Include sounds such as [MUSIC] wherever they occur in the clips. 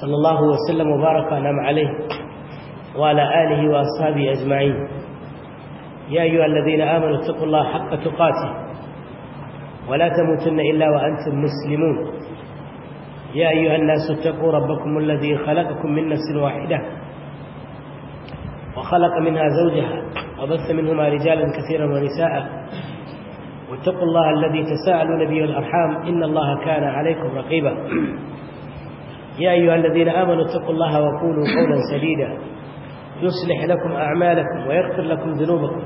صلى الله وسلم وبارك أنام عليه وعلى آله وأصحابه أجمعين يا أيها الذين آمنوا اتقوا الله حق تقاته ولا تموتن إلا وأنتم مسلمون يا أيها الناس اتقوا ربكم الذي خلقكم من نفس واحدة وخلق منها زوجها وبث منهما رجالا كثيرا ونساء واتقوا الله الذي تساءلون به الأرحام إن الله كان عليكم رقيبا يا أيها الذين آمنوا اتقوا الله وقولوا قولا سديدا يصلح لكم أعمالكم ويغفر لكم ذنوبكم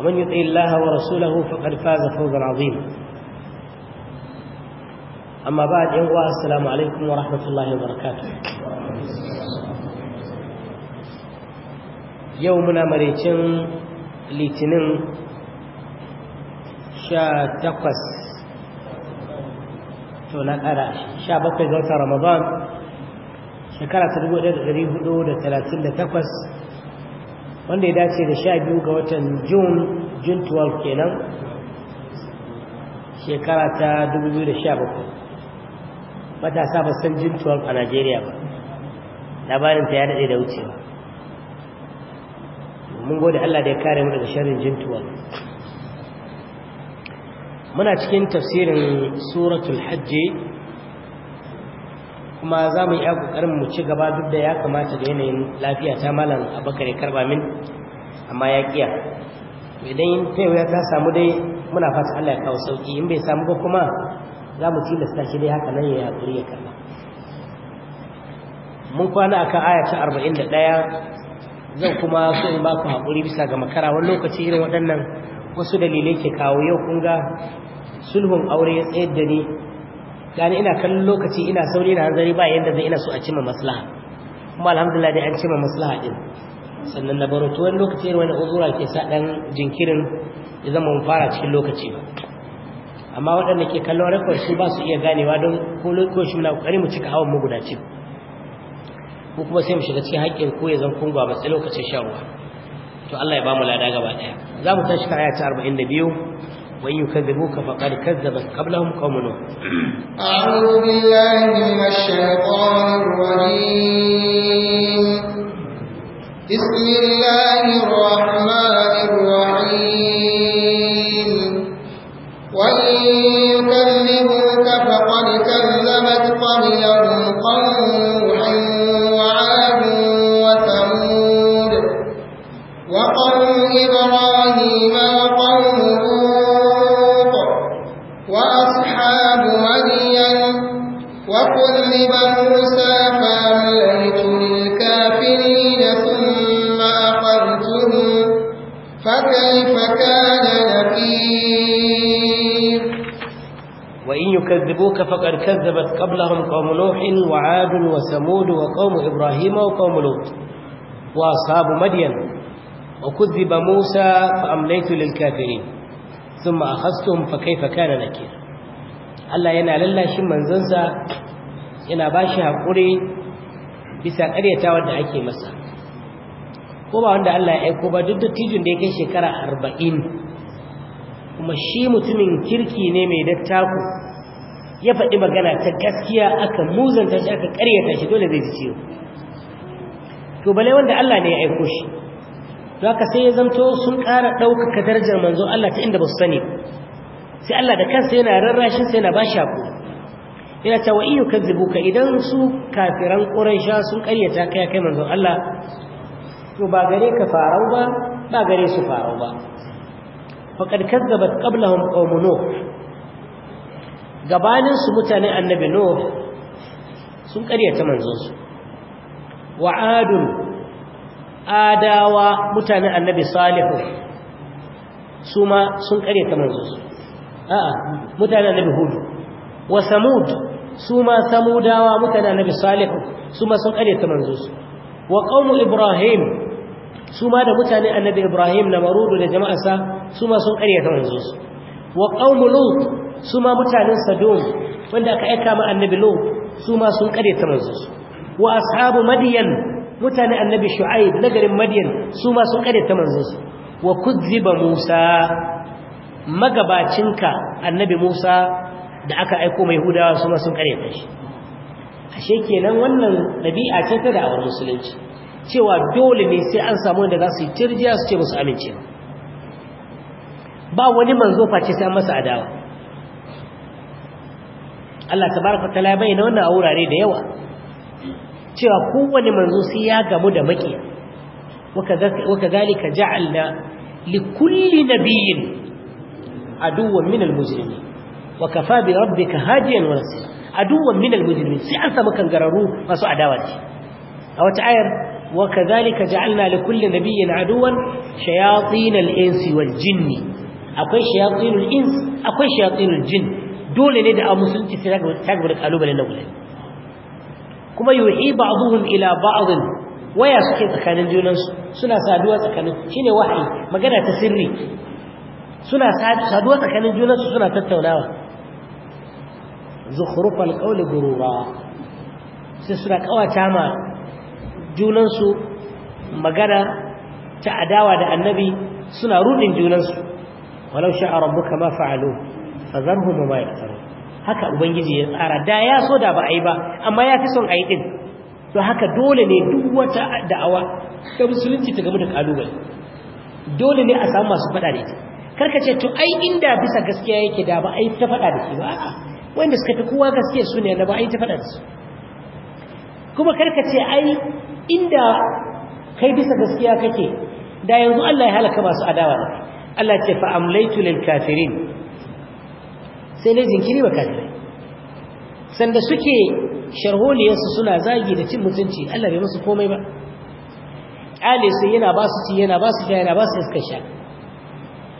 ومن يطع الله ورسوله فقد فاز فوزا عظيما أما بعد ينقوى السلام عليكم ورحمة الله وبركاته يومنا مريتين litinin شاتقس to na sha bakwai ga watan ramadan shekara ta dubu ɗaya da ɗari hudu da talatin da takwas wanda ya dace da sha biyu ga watan jun jun 12 kenan shekara ta dubu biyu da sha bakwai matasa ba san jun 12 a najeriya ba labarin ta ya daɗe da wucewa mun gode allah da ya kare mu daga sharrin jun 12 muna cikin tafsirin suratul hajji kuma za mu yi ya ƙoƙarin mu ci gaba duk da ya kamata da yanayin lafiya ta malam abakar ya karba min amma ya ƙiya idan ta ya ta samu dai muna fata allah ya kawo sauƙi in bai samu ba kuma za mu tilasta shi dai haka nan ya haƙuri ya karba mun kwana akan aya ta arba'in da ɗaya zan kuma so in ba ku haƙuri bisa ga makara wani lokaci irin waɗannan wasu dalilai ke kawo yau kun ga sulhun aure ya tsayar da ni gani ina kallon lokaci ina sauri na hanzari ba yadda zai ina so a cimma maslaha kuma alhamdulillah dai an cimma maslaha din sannan na baro tuwon lokaci yin wani uzura ke sa dan jinkirin ya zama mun fara cikin lokaci ba amma waɗanda ke kallon rakon su ba su iya ganewa don ko shi muna kokari mu cika hawan mu guda ko kuma sai mu shiga cikin haƙƙin ko ya zan kungwa ba sai lokacin shan ruwa to Allah ya ba mu lada gaba ɗaya za mu tashi ta aya ta biyu. وإن يكذبوك فقد كذبت قبلهم قوم نوح أعوذ بالله من الشيطان الرجيم بسم الله الرحمن الرحيم وإن يكذبوك فقد كذبت قبلهم قوم يكذبوك فقد كذبت قبلهم قوم نوح وعاد وثمود وقوم إبراهيم وقوم لوط وأصحاب مدين وكذب موسى فأمليت للكافرين ثم أخذتهم فكيف كان نكير الله ينال الله شم من زنسى ينا باشي هقري بسا قرية ودى أكي مسا كوبا عند الله يكوبا ضد تيجن ديكي شكرا أربعين kuma shi mutumin kirki ne mai dattako ya faɗi magana ta gaskiya aka muzanta shi aka ƙaryata shi dole zai ji to bale wanda Allah ne ya aiko shi to haka sai ya zanto sun ƙara ɗaukaka darajar manzo Allah ta inda ba su sani sai Allah da kansa yana rarrashin sai yana ba shi haƙuri yana ta wa iyo kazzibuka idan su kafiran ƙuraisha sun ƙaryata kai kai manzo Allah to ba gare ka farau ba ba gare su farau ba faqad kazzabat qablahum qawmun nuh gabanin su mutane annabi nuh sun karyata manzon su wa adun adawa mutane annabi salihu su ma sun karyata manzon su a'a mutane annabi hudu wa samud su ma samudawa mutane annabi salihu su ma sun karyata manzon su wa qaumu ibrahim su ma da mutane annabi ibrahim na marudu da jama'arsa su ma sun karyata manzon su wa qaumu lut su ma mutanen sadum wanda aka aika ma annabi lut su ma sun kare ta manzo wa ashabu madyan mutanen annabi shu'aib na garin madyan su ma sun kare ta manzo wa kuzziba musa magabacinka annabi musa da aka aiko mai hudawa su ma sun kare ta shi ashe kenan wannan Nabi'a ce ta da'awar musulunci cewa dole ne sai an samu wanda za su yi tirjiya su ce musu amince ba wani manzo face sai masa adawa Allah tabaraka taala ya bayyana wannan a wurare da yawa cewa kowane manzo sai ya gamu da maki. waka zalika ja'alna likulli nabiyyin aduwwan min al almujrimin wa kafa bi rabbika hadiyan wa nasira aduwwan min al almujrimin sai an samu kangararru masu adawa ce a wata ayar وكذلك جعلنا لكل نبي عدوا شياطين الانس والجن akwai shayatinul ins akwai shayatinul jin dole ne da musulunci sai ta gaba da kalubale na guda kuma yuhi ba'dhum ila ba'd waya suke tsakanin junansu suna saduwa tsakanin shine wahayi magana ta sirri suna saduwa tsakanin junansu suna tattaunawa zukhrufal qawl gurura sai suna kawata ma junansu magana ta adawa da annabi suna rudin junansu ولو شاء ربك ما fa'alu فذرهم ma يفترون haka ubangiji ya tsara da ya so da ba a yi ba amma ya fi son a yi din to haka dole ne duk wata da'awa ta musulunci ta gaba da kalubai dole ne a samu masu fada da ita karka ce to ai inda bisa gaskiya yake da ba a yi ta faɗa da shi ba a'a wanda suka fi kowa gaskiya su ne da ba a yi ta faɗa da su kuma karka ce ai inda kai bisa gaskiya kake da yanzu Allah ya halaka masu adawa da Allah ce fa amlaitu lil kafirin sai ne jinkiri wa kafirai sanda suke sharholiyarsu suna zagi da cin mutunci Allah bai musu komai ba ƙale sai yana ba su ci yana ba su sha yana ba su iska sha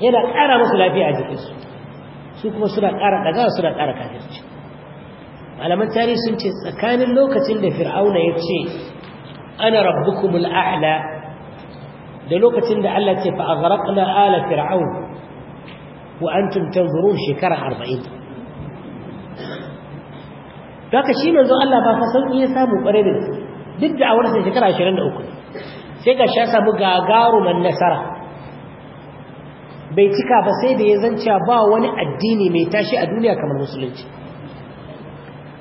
yana ƙara musu lafiya a jikinsu su kuma suna ƙara ɗaga suna ƙara kafirci malaman tarihi sun ce tsakanin lokacin da fir'auna ya ce ana rabbukumul a'la da lokacin da Allah ce fa aghraqna ala fir'aun wa antum tanzurun shekara 40 daga shi manzo Allah ba fa san iya samu kware da duk da awar sai shekara 23 sai ga sha samu man nasara bai cika ba sai da ya zanta ba wani addini mai tashi a duniya kamar musulunci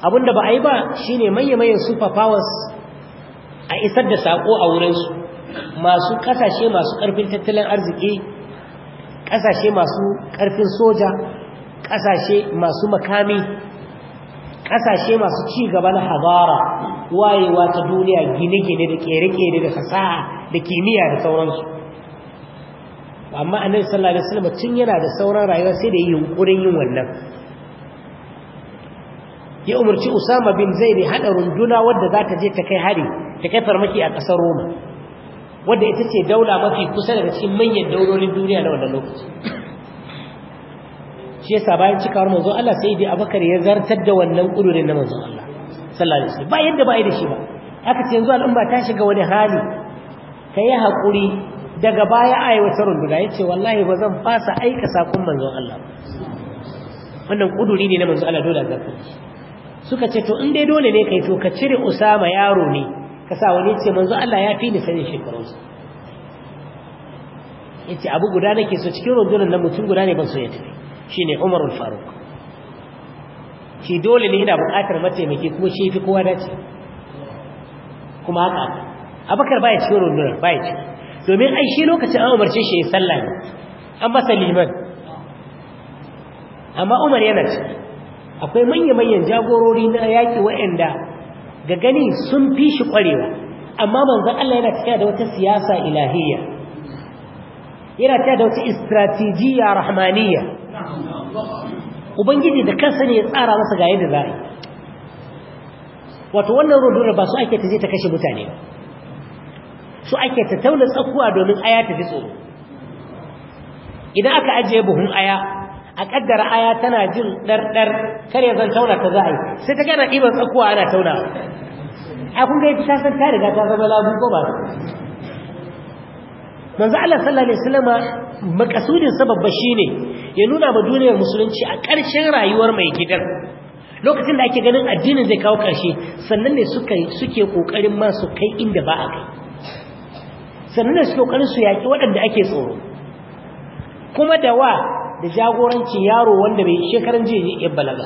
abinda ba a yi ba shine manya-manyan super powers a isar da sako a wurinsu masu kasashe masu karfin tattalin arziki kasashe masu karfin soja kasashe masu makami kasashe masu ci gaba na hazara wayewa ta duniya gine-gine da kere-kere da fasaha da kimiyya da sauransu amma annabi sallallahu alaihi wasallam tun yana da sauran rayuwa sai da yi yunkurin yin wannan ya umarci Usama bin Zaid haɗa runduna wadda za ta je ta kai hari ta kai farmaki a ƙasar Roma wadda ita ce daula mafi kusa daga cikin manyan daurorin duniya na wannan lokaci shi yasa bayan cikawar manzon Allah sai dai Abakar ya zartar da wannan kudurin na manzon Allah sallallahu alaihi wasallam ba yadda ba yi da shi ba aka ce yanzu al'umma ta shiga wani hali kai hakuri daga baya wata runduna yace wallahi ba zan fasa aika sakon manzon Allah wannan kuduri ne na manzon Allah dole zartar suka ce to in dai dole ne kai to ka cire Usama yaro ne ka sa wani ce manzo Allah ya fi ni sanin shekarunsa ya ce abu guda nake so cikin rundunar na mutum guda ne ban so ya tafi shi ne al Faruq. shi dole ne yana buƙatar mataimaki kuma shi fi kowa dace kuma haka abakar baya cikin rundunar baya ci. domin ai shi lokacin an umarce shi ya sallah ne an masa liman amma umar yana ci akwai manya-manyan jagorori na yaƙi waɗanda ga gani sun fi shi kwarewa amma manzon Allah yana tafiya da wata siyasa ilahiyya yana tafiya da wata istratijiya rahmaniyya ubangiji da kansa ne ya tsara masa ga yadda za wato wannan rundunar ba su ake ta je ta kashe mutane ba su ake ta tauna tsakuwa domin aya ta fi tsoro idan aka ajiye buhun aya a kaddara aya tana jin ɗarɗar kar ya zan tauna ta za yi sai ta gana ɗiban tsakuwa ana tauna a kun ga ta san ta riga ta zama labu ko ba manzo Allah sallallahu alaihi wasallam makasudin sababba shine ya nuna ba duniyar musulunci a ƙarshen rayuwar mai gidan lokacin da ake ganin addinin zai kawo ƙarshe sannan ne suka suke kokarin ma su kai inda ba a kai sannan ne suke kokarin su yaki waɗanda ake tsoro kuma da wa da jagoranci yaro wanda bai shekaran jiya ya balaga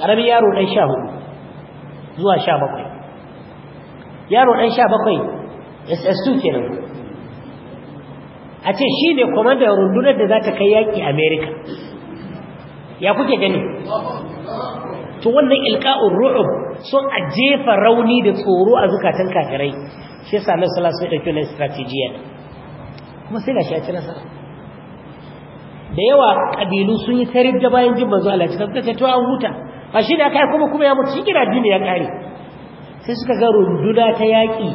ƙaramin yaro ɗan sha hudu zuwa sha bakwai yaro ɗan sha bakwai ss2 kenan a ce shi ne kwamandan rundunar da za ta kai yaƙi Amerika. ya kuke gani to wannan ilka'ur ru'ub sun a jefa rauni da tsoro a zukatan kakirai sai sami salasun ɗauki na strategiyar kuma sai shi a ci nasara da yawa kabilu sun yi tarif da bayan jin manzo Allah cikin ce to an huta ba shi da kai kuma kuma ya mutu shi kira dini ya kare sai suka ga runduna ta yaki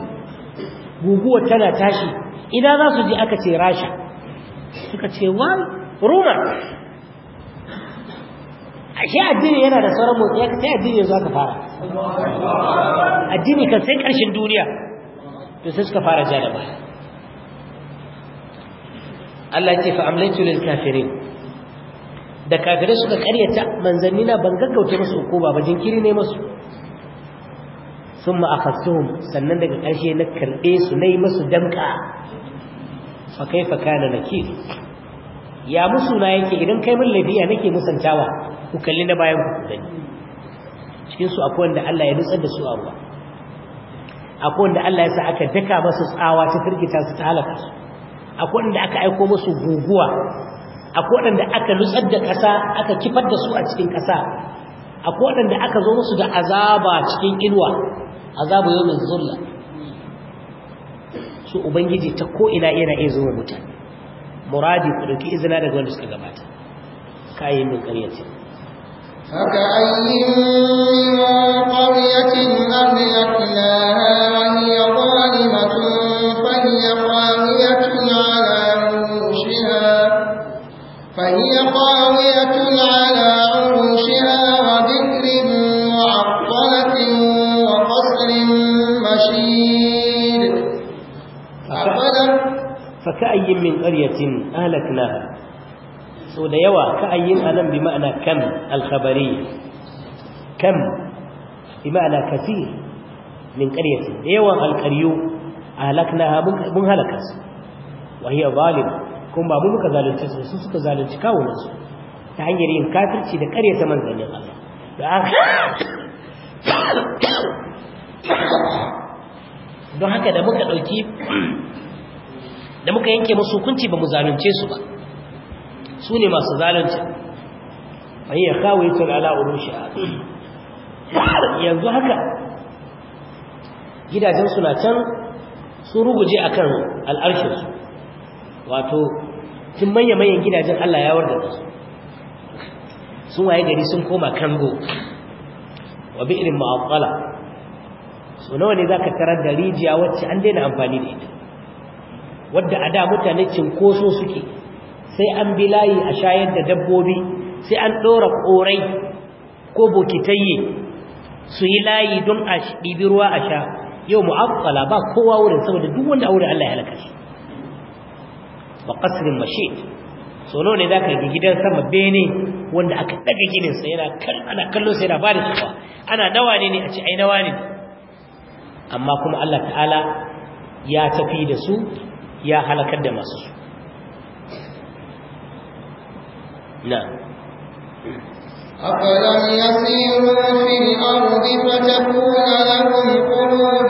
guguwa tana tashi ina za su ji aka ce rasha suka ce wa? roma ashe addini yana da sauran motsi ya sai addini yanzu aka fara addini kan sai karshen duniya to sai suka fara ja Allah ya ce fa amlaytu lil kafirin da kafire suka karyata manzanni na ban gaggauta musu hukuma ba jinkiri ne musu summa akhadtuhum sannan daga ƙarshe na karbe su nayi musu damka fa kaifa kana nakir ya musu na yake idan kai min lafiya nake musantawa ku kalli na bayan ku gani cikin su akwai wanda Allah ya nutsar da su a ruwa akwai wanda Allah ya sa aka daka masa tsawa ta firgita su ta halaka su akwai wanda aka aiko musu guguwa akwai wanda aka lutsar da ƙasa aka kifar da su a cikin ƙasa akwai wanda aka zo musu da azaba cikin inuwa azabu yawmin zulla su ubangiji ta ko ina yana iya zuwa mutane muradi ku dauki izina daga wanda suka gabata kayi min ƙarya فكأي من قرية أهلكناها وهي فكأي من قرية أهلكناها سو da yawa a anan bi ma'ana kam al-khabari bi ma'ana kaseer min qaryati da yawan al-qaryu ahlaknaha mun halaka su wa hiya zalim ba mu muka zalunce su suka su hanyar yin kafirci da karyata manzannin [COUGHS] [COUGHS] [COUGHS] don haka da muka dauki da muka yanke musu hukunci ba mu zalunce su ba su ne masu zalunci An ya kawo yi tunala urushi yanzu haka gidajen suna can sun ruguje a kan al'arshinsu wato tun manya-manyan gidajen allah ya warda su sun waye gari sun koma kango wa bi irin so nawa ne za ka tarar da rijiya wacce an daina amfani da ita wadda a da mutane cinkoso suke sai an bi layi a shayar da dabbobi sai an ɗora ƙorai ko bokitaye su yi layi don a ɗibi ruwa a sha yau mu'afala ba kowa wurin saboda duk wanda a wurin Allah ya halaka shi wa qasrin mashid so nawa ne zaka yi gidan sama bene wanda aka daga ginin sa yana kan ana kallo sai yana bada tsufa ana nawa ne ne a ce ai nawa ne amma kuma Allah ta'ala ya tafi da su ya halakar da masu su na أفلم يسيروا في الأرض فتكون لهم قلوب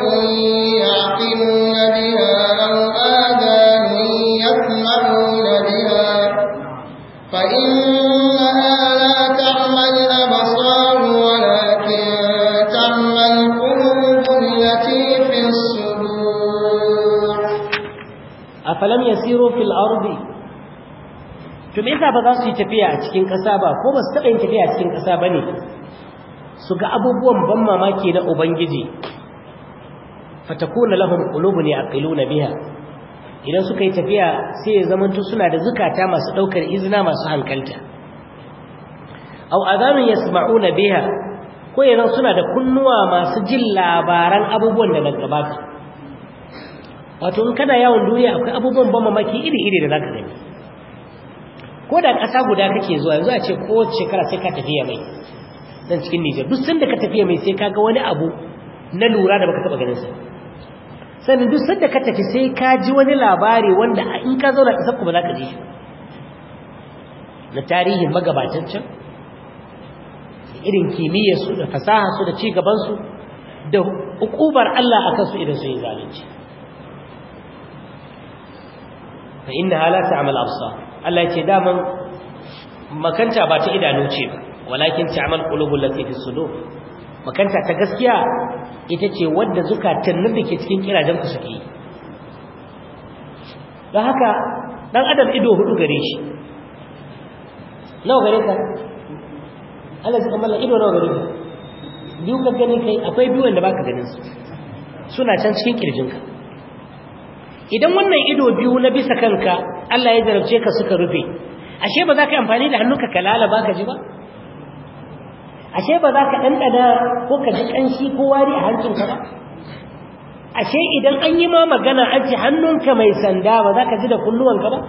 tasiru fil ardi to me yasa ba za su yi tafiya a cikin ƙasa ba ko ba su taɓa yin tafiya a cikin ƙasa ba ne su ga abubuwan ban mamaki na ubangiji fatakuna lahum qulubun yaqiluna biha idan suka yi tafiya sai ya zamanto suna da zukata masu ɗaukar izina masu hankalta aw adanun yasma'una biha ko yanzu suna da kunnuwa masu jin labaran abubuwan da gabata wato in kana yawon duniya akwai abubuwan ban mamaki iri-iri da zaka gani ko da ƙasa guda kake zuwa yanzu a ce kowace shekara sai ka tafiya mai nan cikin Nijar duk sanda ka tafiya mai sai ka ga wani abu na lura da baka taba ganin sa sannan duk sanda ka tafi sai ka ji wani labari wanda in ka zauna ƙasar ku ba za ka ji na tarihin magabatan can irin kimiyyar su da fasaha su da ci su da hukubar Allah akan su idan su yi zalunci fa hala la ta'mal absar Allah ya ce daman makanta ba ta idanu ce ba walakin ta'mal qulubul lati fi sudur makanta ta gaskiya ita ce wanda zukatan nan dake cikin kirajen ku suke don haka dan adam ido hudu gare shi nawa gare ka Allah zai kamar ido nawa gare ka biyu ka gani kai akwai biyu wanda baka ganin su suna can cikin kirjinka idan wannan ido biyu na bisa kanka Allah ya jarabce ka suka rufe ashe ba za ka amfani da hannunka ka lalaba ka ji ba ashe ba za ka ɗanɗana ko ka ji ƙanshi ko wari a hancinka ba ashe idan an yi ma magana an ci hannunka mai sanda ba za ka ji da kulluwanka ba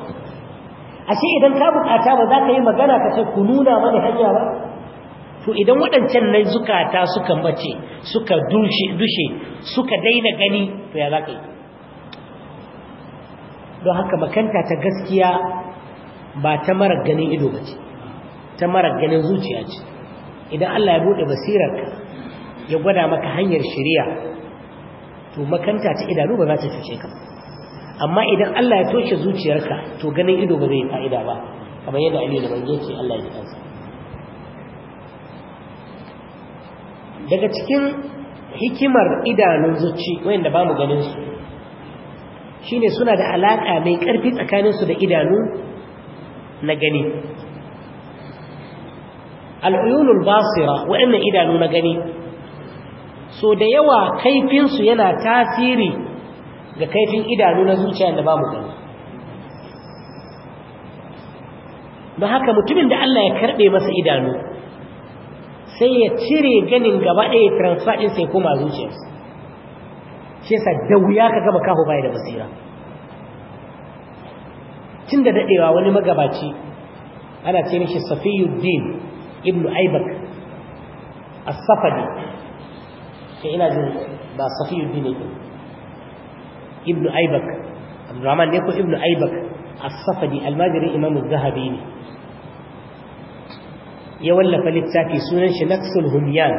ashe idan ka bukata ba za ka yi magana ka ce ku nuna mana hanya ba to idan waɗancan na zukata suka mace suka dushe suka daina gani to ya za ka yi don haka makanta ta gaskiya ba ta mara ganin ido ba ce ta mara ganin zuciya ce idan Allah ya buɗe basirarka ya gwada maka hanyar shari'a to makanta ta idanu ba za ta cuce ka amma idan Allah ya toshe zuciyarka to ganin ido ba zai fa'ida ba kamar yadda Aliyu da Bangi ce Allah ya kansa daga cikin hikimar idanun zuci wanda ba mu ganin su shine suna da alaka mai karfi tsakaninsu da idanu na gani al'uyunul basira waɗannan idanu na gani so da yawa kaifinsu yana tasiri ga kaifin idanu na zuciya da ba mu gani ba haka mutumin da Allah ya karɓe masa idanu sai ya cire ganin gaba ɗaya transfer ɗin ya koma zuciyarsa shi yasa da wuya ka gama kaho bai da basira tun da dadewa wani magabaci ana ce mishi safiyuddin ibn aibak as-safadi sai ina jin ba safiyuddin ne ibn aibak abdurrahman ne ko ibn aibak as-safadi almajirin imam az-zahabi ne ya wallafa littafi sunan shi naqsul humyan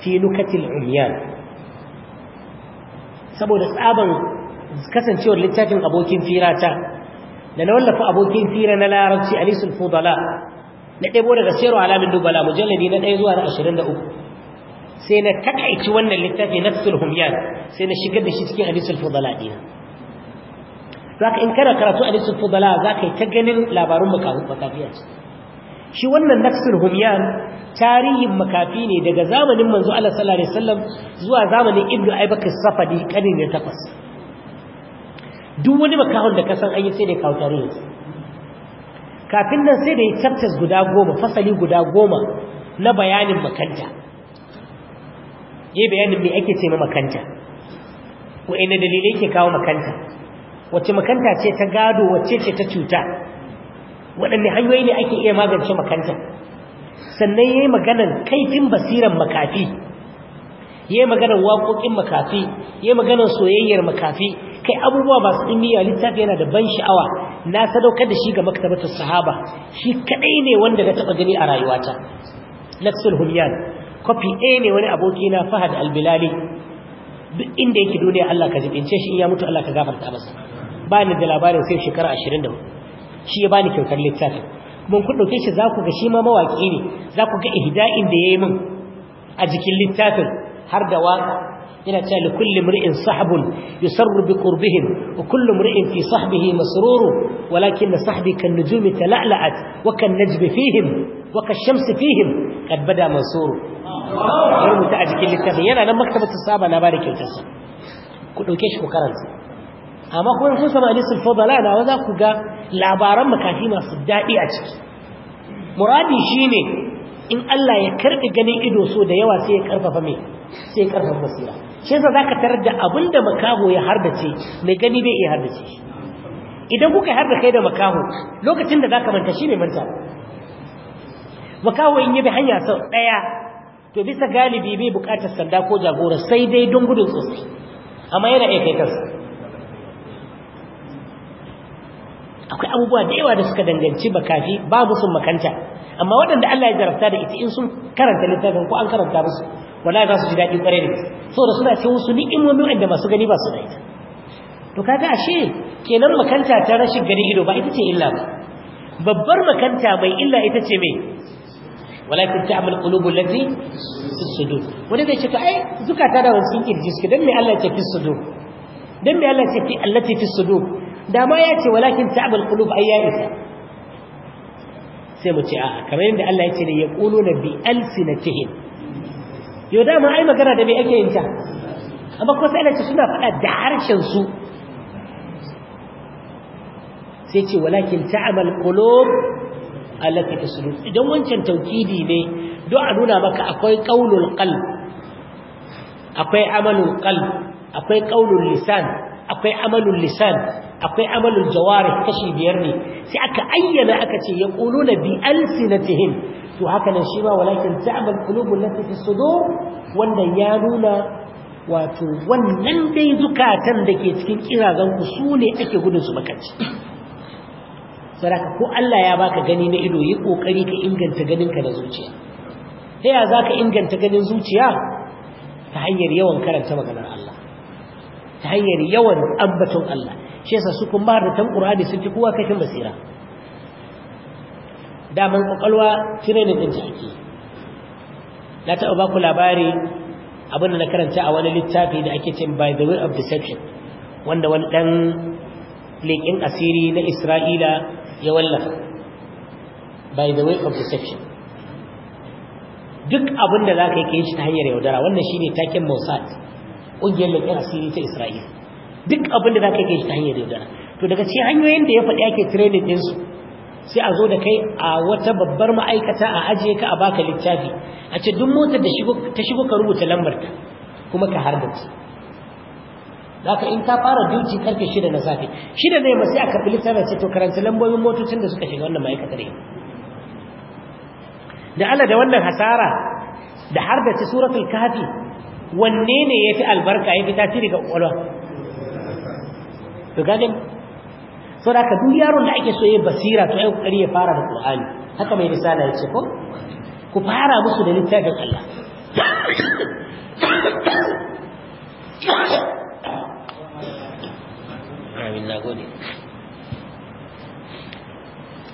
fi nukatil umyan saboda tsaban kasancewar littafin abokin firata da na wallafa abokin fira na larabci alisul fudala na ɗebo da sayarwa alamin dubala mujalladi na ɗaya zuwa na ashirin da uku sai na takaici wannan littafi na sulhumyan sai na shigar da shi cikin alisul fudala ɗina za ka in kana karatu alisul fudala za ka yi ta ganin labarun makafiya ce shi wannan naksir humyan tarihin makafi ne daga zamanin manzo Allah sallallahu alaihi wasallam zuwa zamanin Ibnu Aybakar Safadi kanin ne takwas duk wani makahon da kasan an yi sai da kawo tarihin kafin nan sai da chapters guda goma fasali guda goma na bayanin makanta yi bayanin me ake ce ma makanta ina dalilai ke kawo makanta wace makanta ce ta gado wace ce ta cuta waɗanne hanyoyi ne ake iya magance makanta sannan ya yi maganan kaifin basiran makafi ya yi maganan waƙoƙin makafi ya yi maganan soyayyar makafi kai abubuwa masu miya littafi yana da ban sha'awa na sadaukar da shi ga maktabatar sahaba shi kaɗai ne wanda na taɓa gani a rayuwata laksul humyan kwafi ɗaya ne wani aboki na fahad albilali duk inda yake duniya allah ka jibince shi in ya mutu allah ka gafarta masa ba ni da labarin sai shekara ashirin da hudu shi ya bani kyautar littafin mun kun dauke shi za ku ga shi ma mawaki ne za ku ga ihda'in da yayi min a jikin littafin har da wa yana cewa li kulli mri'in sahbun yusarru bi qurbihim wa kullu mri'in fi sahbihi masrur walakin sahbi kan nujumi talala'at wa kan najmi fihim wa ka shamsi fihim kad bada mansur rubuta a jikin littafin yana nan maktabatu saba na bada kyautar ku dauke shi ku karanta amma kuma sun sama hadisul fadala na za ku ga labaran makafi masu daɗi a ciki muradi shi ne in Allah ya karɓi ganin ido so da yawa sai ya karfafa mai sai ya karfafa basira shi yasa ka tarar da da makaho ya hardace mai gani bai iya hardace shi idan kuka harda kai da makaho lokacin da za ka manta shi ne manta makaho in yi bi hanya sau daya to bisa galibi bai bukatar sanda ko jagora sai dai don gudun tsotsi amma yana iya kai akwai abubuwa da yawa da suka danganci bakafi babu sun makanta amma waɗanda Allah ya jarabta da ita in sun karanta littafin ko an karanta musu wallahi za su ji daɗi kwarai da suna cewa wasu ni'imomi wanda masu gani ba su da ita to kaga ashe kenan makanta ta rashin gani ido ba ita ce illa ba babbar makanta bai illa ita ce me walakin ta'mal qulubul lati fi sudur wanda zai ce to ai zukata da wasu kirji suke dan me Allah ya ce fi sudur dan me Allah ya ce allati fi sudur ma ya ce walakin ta'abul qulub ai isa sai mu ce a kamar yadda Allah ya ce ne yaquluna bi alsinatihim yau ma ai magana da bai ake yin ta amma ko sai ce suna faɗa da harshen su sai ce walakin ta'abul qulub allati tasdud idan wancan taukidi ne don a nuna maka akwai qaulul qalb akwai amalul qalb akwai qaulul lisan akwai amalul lisan akwai amalin jawarih kashi biyar ne sai aka ayyana aka ce ya yaquluna bi alsinatihim to haka nan shi ma walakin ta'mal qulubul lati fi sudur wanda ya nuna wato wannan dai zukatan da ke cikin kirazan ku su ne ake gudun su bakanci saraka ko Allah ya baka gani na ido yi kokari ka inganta ganinka da zuciya ta ya zaka inganta ganin zuciya ta hanyar yawan karanta maganar Allah ta hanyar yawan ambaton Allah shesa su kun ba da tan qur'ani sun ci kowa kashin basira ƙwaƙwalwa cire training ɗin take na taɓa ba ku labari abin da na karanta a wani littafi da ake cin by the way of deception wanda wani ɗan leƙin asiri na isra'ila ya wallafa by the way of deception duk abinda da za ka yi ka yi shi ta hanyar yaudara wannan shi ne taken mosad ƙungiyar leƙin asiri ta isra'ila duk abin da za ka yi ta hanyar yaudara to daga cikin hanyoyin da ya faɗi ake training ɗinsu sai a zo da kai a wata babbar ma'aikata a ajiye ka a baka littafi a ce duk motar da ta shigo ka rubuta lambar ta kuma ka harbace zaka in ka fara duci karfe shida na safe shida ne sai a karɓi littafi sai to karanta lambobin motocin da suka shiga wannan ma'aikatar yau da Allah da wannan hasara da ta suratul kafi wanne ne yafi albarka yafi tasiri ga kwakwalwa to gane so da ka duk yaron da ake so yayin basira to ai kokari ya fara da Qur'ani haka mai risala yace ko ku fara musu da littafin Allah amin gode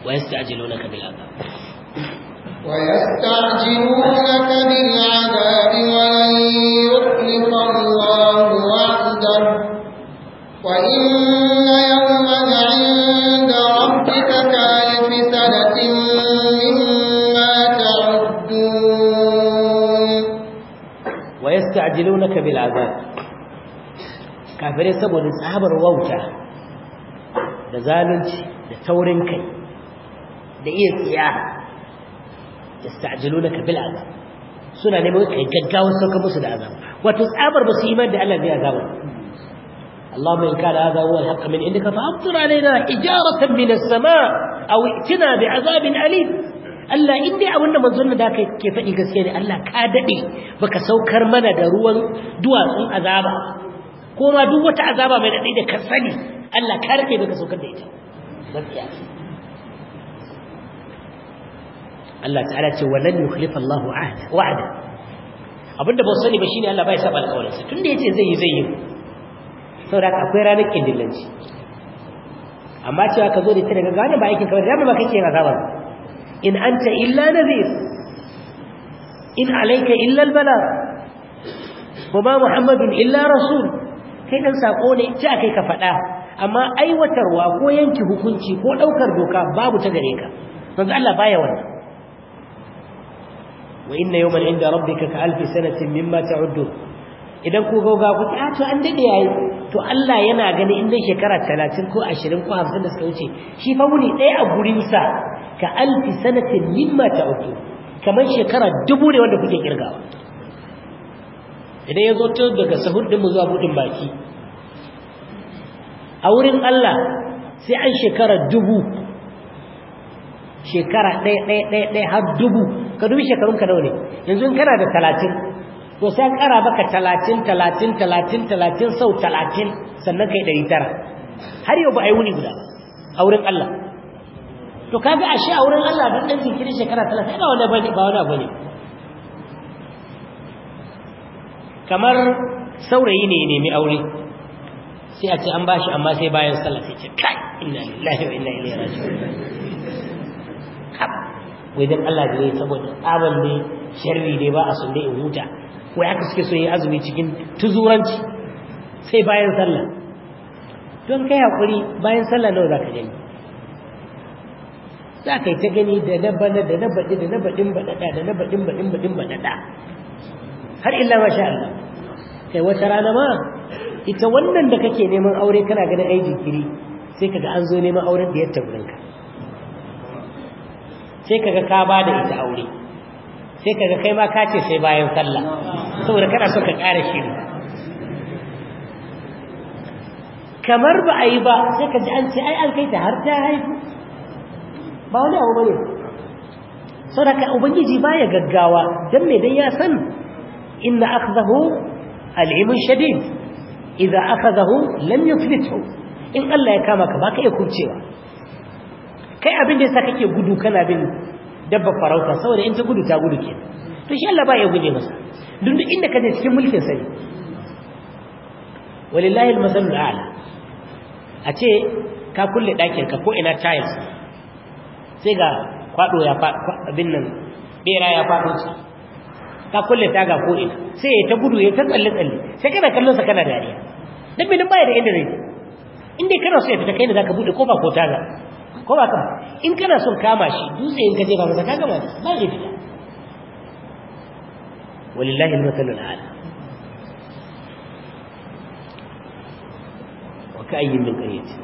wa yasta'jilunaka bil adab wa yasta'jilunaka bil adab yastajilunaka bil azab kafire saboda tsabar wauta da zalunci da taurin kai da iya tsiya yastajilunaka bil azab suna neman kai gaggawa sauka musu da azab wato tsabar ba su iman da Allah zai azaba اللهم إن كان هذا هو الحق من عندك فأمطر علينا من السماء أو ائتنا بعذاب أليم Allah in dai abinda manzon da ke faɗi gaskiya ne Allah ka dade baka saukar mana da ruwan duwatsun azaba ko ma duk wata azaba mai dade da ka sani Allah ka rike baka saukar da ita gaskiya Allah ta'ala ce walan yukhlifa Allahu ahda wa'ada abinda ba sani ba shine Allah bai saba alƙawarinsa tunda yace zai yi zai yi saboda akwai ranar kindillanci amma cewa ka zo da ita daga gane ba aikin kawai dama ba kake yin azaba in anta illa nadhir in alayka illa albala wa ma muhammadun illa rasul kai dan sako ne ce akai ka faɗa amma aiwatarwa ko yanki hukunci ko daukar doka babu ta gare ka manzo Allah baya wannan wa inna yawman inda rabbika ka alfi sanatin mimma ta'uddu idan ku gauga ku ce to an dade yayi to Allah yana gani in dai shekara 30 ko 20 ko 50 da suka wuce shi fa wuni ɗaya a gurin sa ka alfi sanatin ta uku kamar shekara dubu ne wanda kuke kirgawa idan ya zo tun daga sahur din mu zuwa budin baki a wurin Allah sai an shekara dubu shekara ɗaya ɗaya ɗaya ɗaya har dubu ka dubi shekarun ka ne yanzu kana da talatin to sai an ƙara baka talatin talatin talatin talatin sau talatin sannan kai ɗari tara har yau ba a yi wuni guda a wurin Allah to kaga ashe a wurin Allah duk ɗan jinkiri shekara 30 ba wanda bane ba wanda bane kamar saurayi ne nemi aure sai a ce an bashi amma sai bayan sallah sai ce kai inna lafiya wa inna ilaihi raji'un wai dan Allah da yayi saboda tsaban ne sharri ne ba a da in huta ko ya suke so yi azumi cikin tuzuranci sai bayan sallah don kai haƙuri bayan sallah nawa zaka gani za ka yi ta gani da na bana da na baɗi da na baɗin baɗaɗa da na baɗin baɗin baɗin baɗaɗa har illa masha Allah kai wata rana ma ita wannan da kake neman aure kana ganin ai jinkiri sai kaga an zo neman auren da ya tabbarinka sai kaga ka ba da ita aure sai kaga kai ma ka ce sai bayan sallah saboda kana so ka ƙara shiri kamar ba a yi ba sai ka ji an ce ai an kai ta har ta haihu ba wani abu bane sadaka ubangiji baya gaggawa dan me dan ya san inna akhdahu al'im shadid idza akhadahu lam yuflithu in Allah ya kama ka baka iya kurcewa kai abin da yasa kake gudu kana bin dabba farauta saboda in ta gudu ta gudu ke to shi Allah ba ya guje masa duk inda kaje cikin mulkin sa ne walillahi almasalul a'la a ce ka kulle dakin ka ko ina tiles sai ga kwado ya abin nan bera ya faɗo su ka kulle ta ga koin sai ya ta gudu ya ta tsalle tsalle sai kana kallon sa kana dariya dan bidin baya da inda zai inda kana so ya fita kai ne zaka bude ba ko taga ko ba ka in kana son kama shi dutse in ka je ba masa ka ga ba zai fita walillahi al-masalul a'la wa ka'ayyin min qaryatin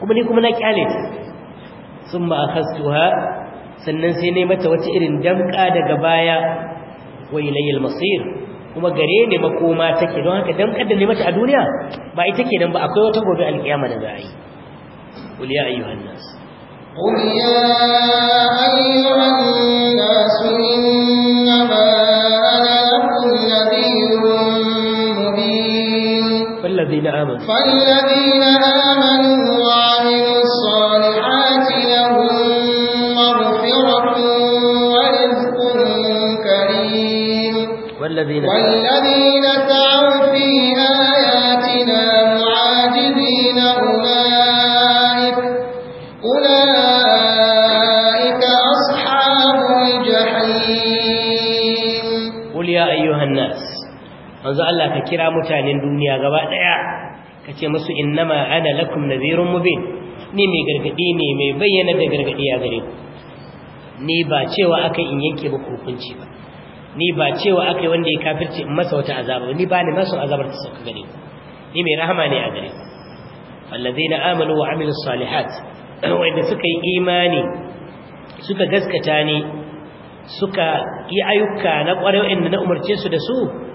kuma ni kuma na kyale ta sun ma'akastuwa sannan sai ne mata wata irin damka daga baya wa ilayyar masir kuma gare ne makoma take don haka damkar da ne mata a duniya ba ita ke nan ba akwai wata gobe alkiyama da za a yi قل يا أيها الناس فالذين آمنوا kira mutanen duniya gaba daya ce musu innama ana lakum nadhirun mubin ni mai gargadi ne mai bayyana da gargadi a gare ku ni ba cewa akai in yanke muku hukunci ba ni ba cewa akai wanda ya kafirce in masa wata azaba ni ba ni masa azabar ta sauka gare ku ni mai rahama ne a gare ku alladhina amanu wa amilus salihat wanda suka yi imani suka gaskata ni suka yi ayyuka na kwarewa inda na umarce su da su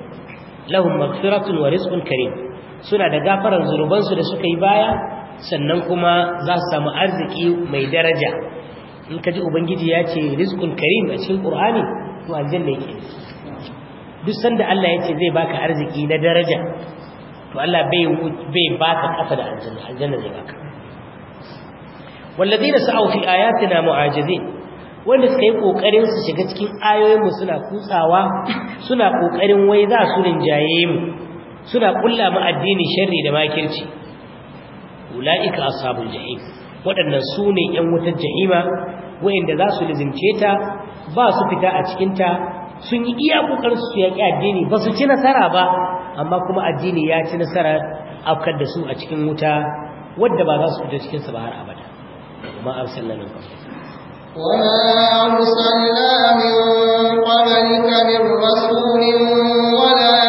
lahum maghfiratun wa rizqun karim suna da gafaran su da suka yi baya sannan kuma za su samu arziki mai daraja in ka ji ubangiji ya ce rizqun karim a cikin qur'ani to aljanna yake duk sanda Allah ya ce zai baka arziki na daraja to Allah bai bai baka kafa da aljanna aljanna zai baka والذين sa'u fi ayatina mu'ajizin wanda suka yi kokarin su shiga cikin ayoyin mu suna kutsawa suna kokarin wai za su rinjaye mu suna kulla mu addini sharri da makirci ulaika ashabul jahim waɗannan su ne ƴan wutar jahima wayanda za su lizince ta ba su fita a cikin ta sun yi iya kokarin su yaƙi addini ba su ci nasara ba amma kuma addini ya ci nasara afkar da su a cikin wuta wadda ba za su fita cikin sa ba har abada kuma arsalna nan وما أرسلنا من قبلك من رسول ولا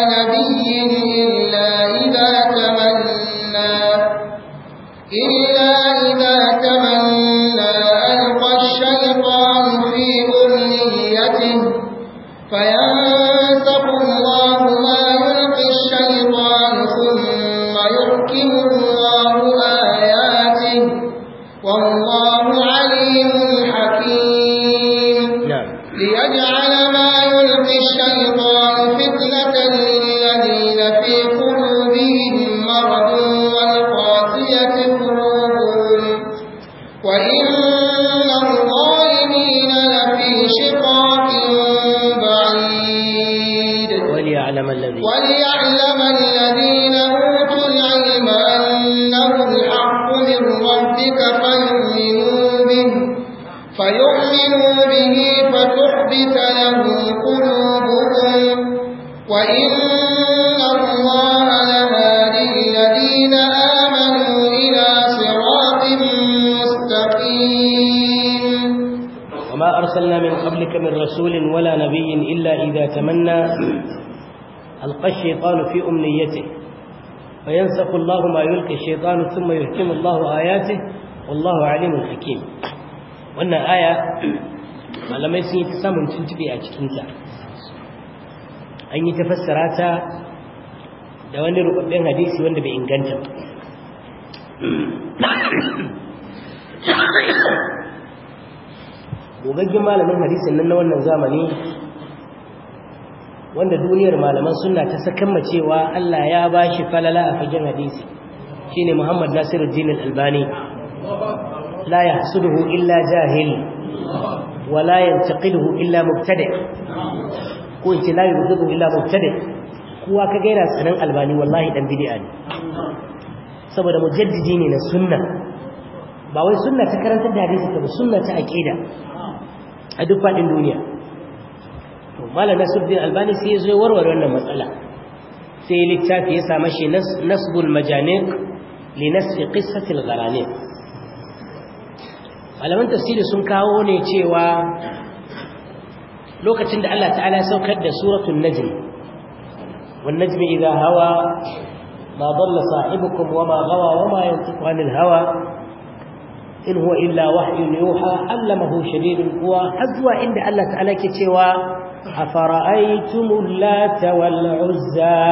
وَإِنَّ الظَّالِمِينَ لَفِي شِقَاقٍ بَعِيدٍ وَلْيَعْلَمَ الَّذِينَ أرسلنا من قبلك من رسول ولا نبي إلا إذا تمنى ألقى الشيطان في أمنيته فينسق الله ما يلقي الشيطان ثم يحكم الله آياته والله عليم حكيم وأن آية malamai sun yi ta samun tuntube a cikinta an yi ta fassara ta da wani rubabben hadisi wanda bai inganta gogaggen malamin hadisin nan na wannan zamani wanda duniyar malaman suna ta sakamma cewa Allah ya ba shi falala a fagen hadisi shine Muhammad Nasiru jinin albani la duhu illa jahil wa la ya duhu illa mubtadi ko in ce la duhu illa mubtadi kuwa ka gaira sanin albani wallahi dan bid'a ne saboda mujaddidi ne na sunna ba wai sunna ta karantar da hadisi ta ba sunna ta aqida a duk faɗin duniya to malam nasiruddin albani sai ya zo warware wannan matsala sai littafi ya sa mashi nasbul majanik li nasfi qissatil gharaniq malaman tasiri sun kawo ne cewa lokacin da Allah ta'ala saukar da suratun najm wan najm idan hawa ma dalla sahibukum wama gawa wama yantiqu anil hawa in huwa illa wahyun yuha allamahu shadidul quwa azwa inda Allah ta'ala ke cewa afara'aytumul lata wal uzza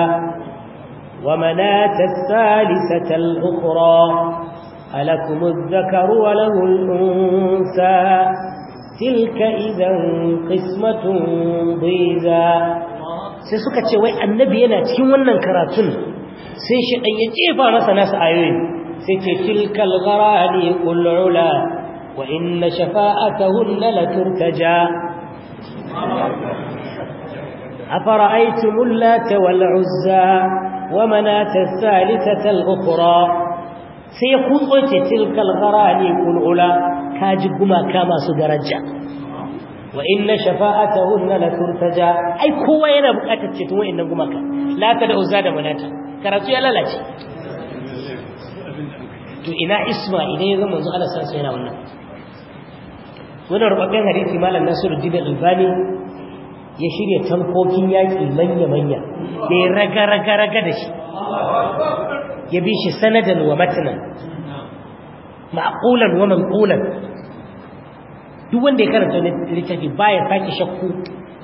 ومناة الثالثة الأخرى ألكم الذكر وله الأنثى تلك إذا قسمة ضيزى sai suka ce wai annabi yana cikin wannan karatun sai shi ɗan ya jefa masa nasu ayoyi سكي تلك الغرانيق العلا وإن شفاءتهن لترتجى أفرأيتم اللات والعزى ومناة الثالثة الأخرى سيقضت تلك الغرانيق العلا كاجبما كما سدرجا wa inna shafa'atuhunna la turtaja ai kowa yana bukatar ceto wa'annan gumaka lata da uzza da manata karatu ya lalace to ina isma idan ya zama zuwa alasan sai yana wannan wannan rubabben hadisi malam nasiru dina albani ya shirya tankokin yaƙi manya-manya da ya raga-raga-raga da shi ya bi shi sanadan wa matanan ma'akulan wa mankulan duk wanda ya karanta littafi baya sake shakku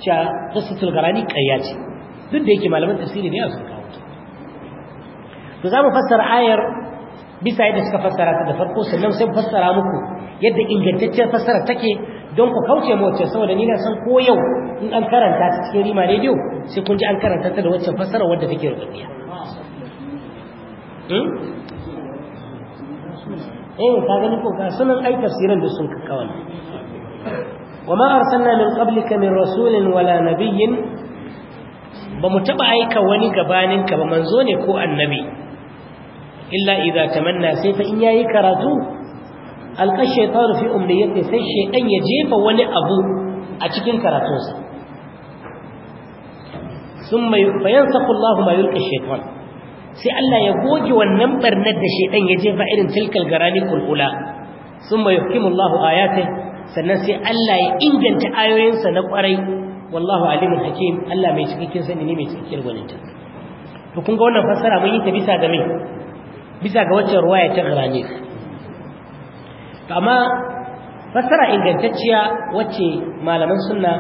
cewa tasirin garani ƙarya ce duk da yake malaman tafsiri ne a su kawo to za mu fassara ayar bisa yadda suka fassara ta da farko sannan sai fassara muku yadda ingantaccen fassara take don ku kauce mu wacce saboda ni na san ko yau in an karanta ta cikin rima radio sai kun ji an karanta ta da wacce fassara wadda take rubuciya hmm? eh ka gani ko ga sunan ai tafsirin da sun kakkawa وما أرسلنا من قبلك من رسول ولا نبي manzo ne ko annabi. illa idza tamanna sai fa in yayi karatu alqa shaytanu fi umniyati sai shaytan ya jefa wani abu a cikin karatunsa thumma fayansaqu Allah ma yulqi shaytan sai Allah ya goge wannan barnar da shaytan ya jefa irin tilkal garani kulula thumma yuhkimu Allah ayatihi sannan sai Allah ya inganta ayoyinsa na kwarai wallahu alimul hakim Allah mai cikakken sani ne mai cikakken gwaninta to kun ga wannan fassara mun yi ta bisa ga mai bisa ga waccan ruwaya ta gharani amma fassara ingantacciya wacce malaman sunna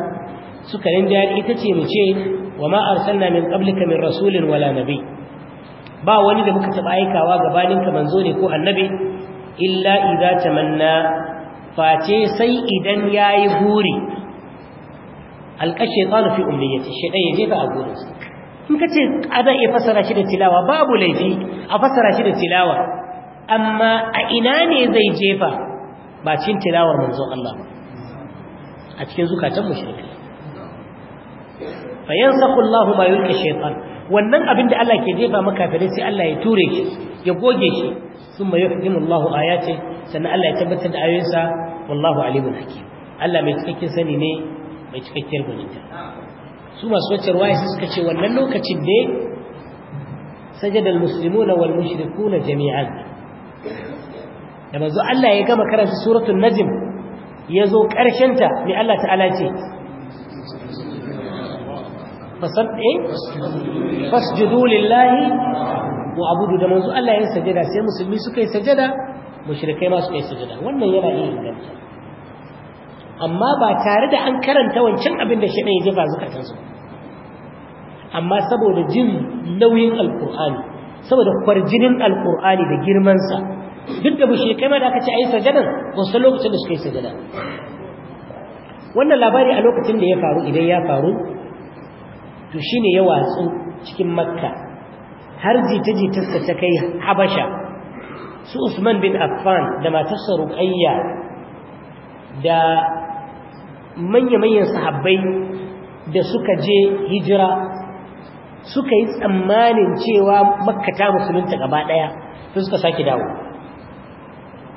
suka rinjayar ita ce mu ce wa ma arsalna min qablika min rasulin wala nabi ba wani da muka taba aikawa gabanin ka manzo ne ko annabi illa idza tamanna face sai idan yayi guri alqashaytan fi umniyati shaytan yaje ta a gurinsa in ka ce ana iya fasara shi da tilawa babu laifi a fasara shi da tilawa amma a ina ne zai jefa ba cin tilawar manzo Allah ba a cikin zukatan mushrikai fa yansaqu Allah ma yulqi shaytan wannan abin da Allah ke jefa maka fare sai Allah ya ture shi ya goge shi thumma yuhdimu Allah ayati sannan Allah ya tabbatar da ayoyinsa wallahu alimun hakim Allah mai cikakken sani ne mai cikakken gwaninta su masu wacce ruwaya su suka ce wannan lokacin dai sajadal muslimuna wal na jami'an da manzo Allah ya gama karanta suratul najm yazo karshen ta ne Allah ta'ala ce fasaddi eh? fasjudu lillahi wa abudu da manzo Allah ya yi sajada sai musulmi suka yi sajada mushrikai ma suka yi sajada wannan yana iya inganta amma ba tare da an karanta wancan abin da shi ɗan ya jefa zukatansu amma saboda jin nauyin alkur'ani saboda kwarjinin alkur'ani da girmansa duk da bushe kai ma da aka ce a yi sajadan wasu lokacin da suka yi sajada wannan labari a lokacin da ya faru idan ya faru to shine ya watsu cikin makka har jita-jitarsa ta kai habasha su usman bin affan da matarsa ruƙayya da manya-manyan sahabbai da suka je hijira suka yi tsammanin cewa makka ta musulunta gaba daya su suka sake dawo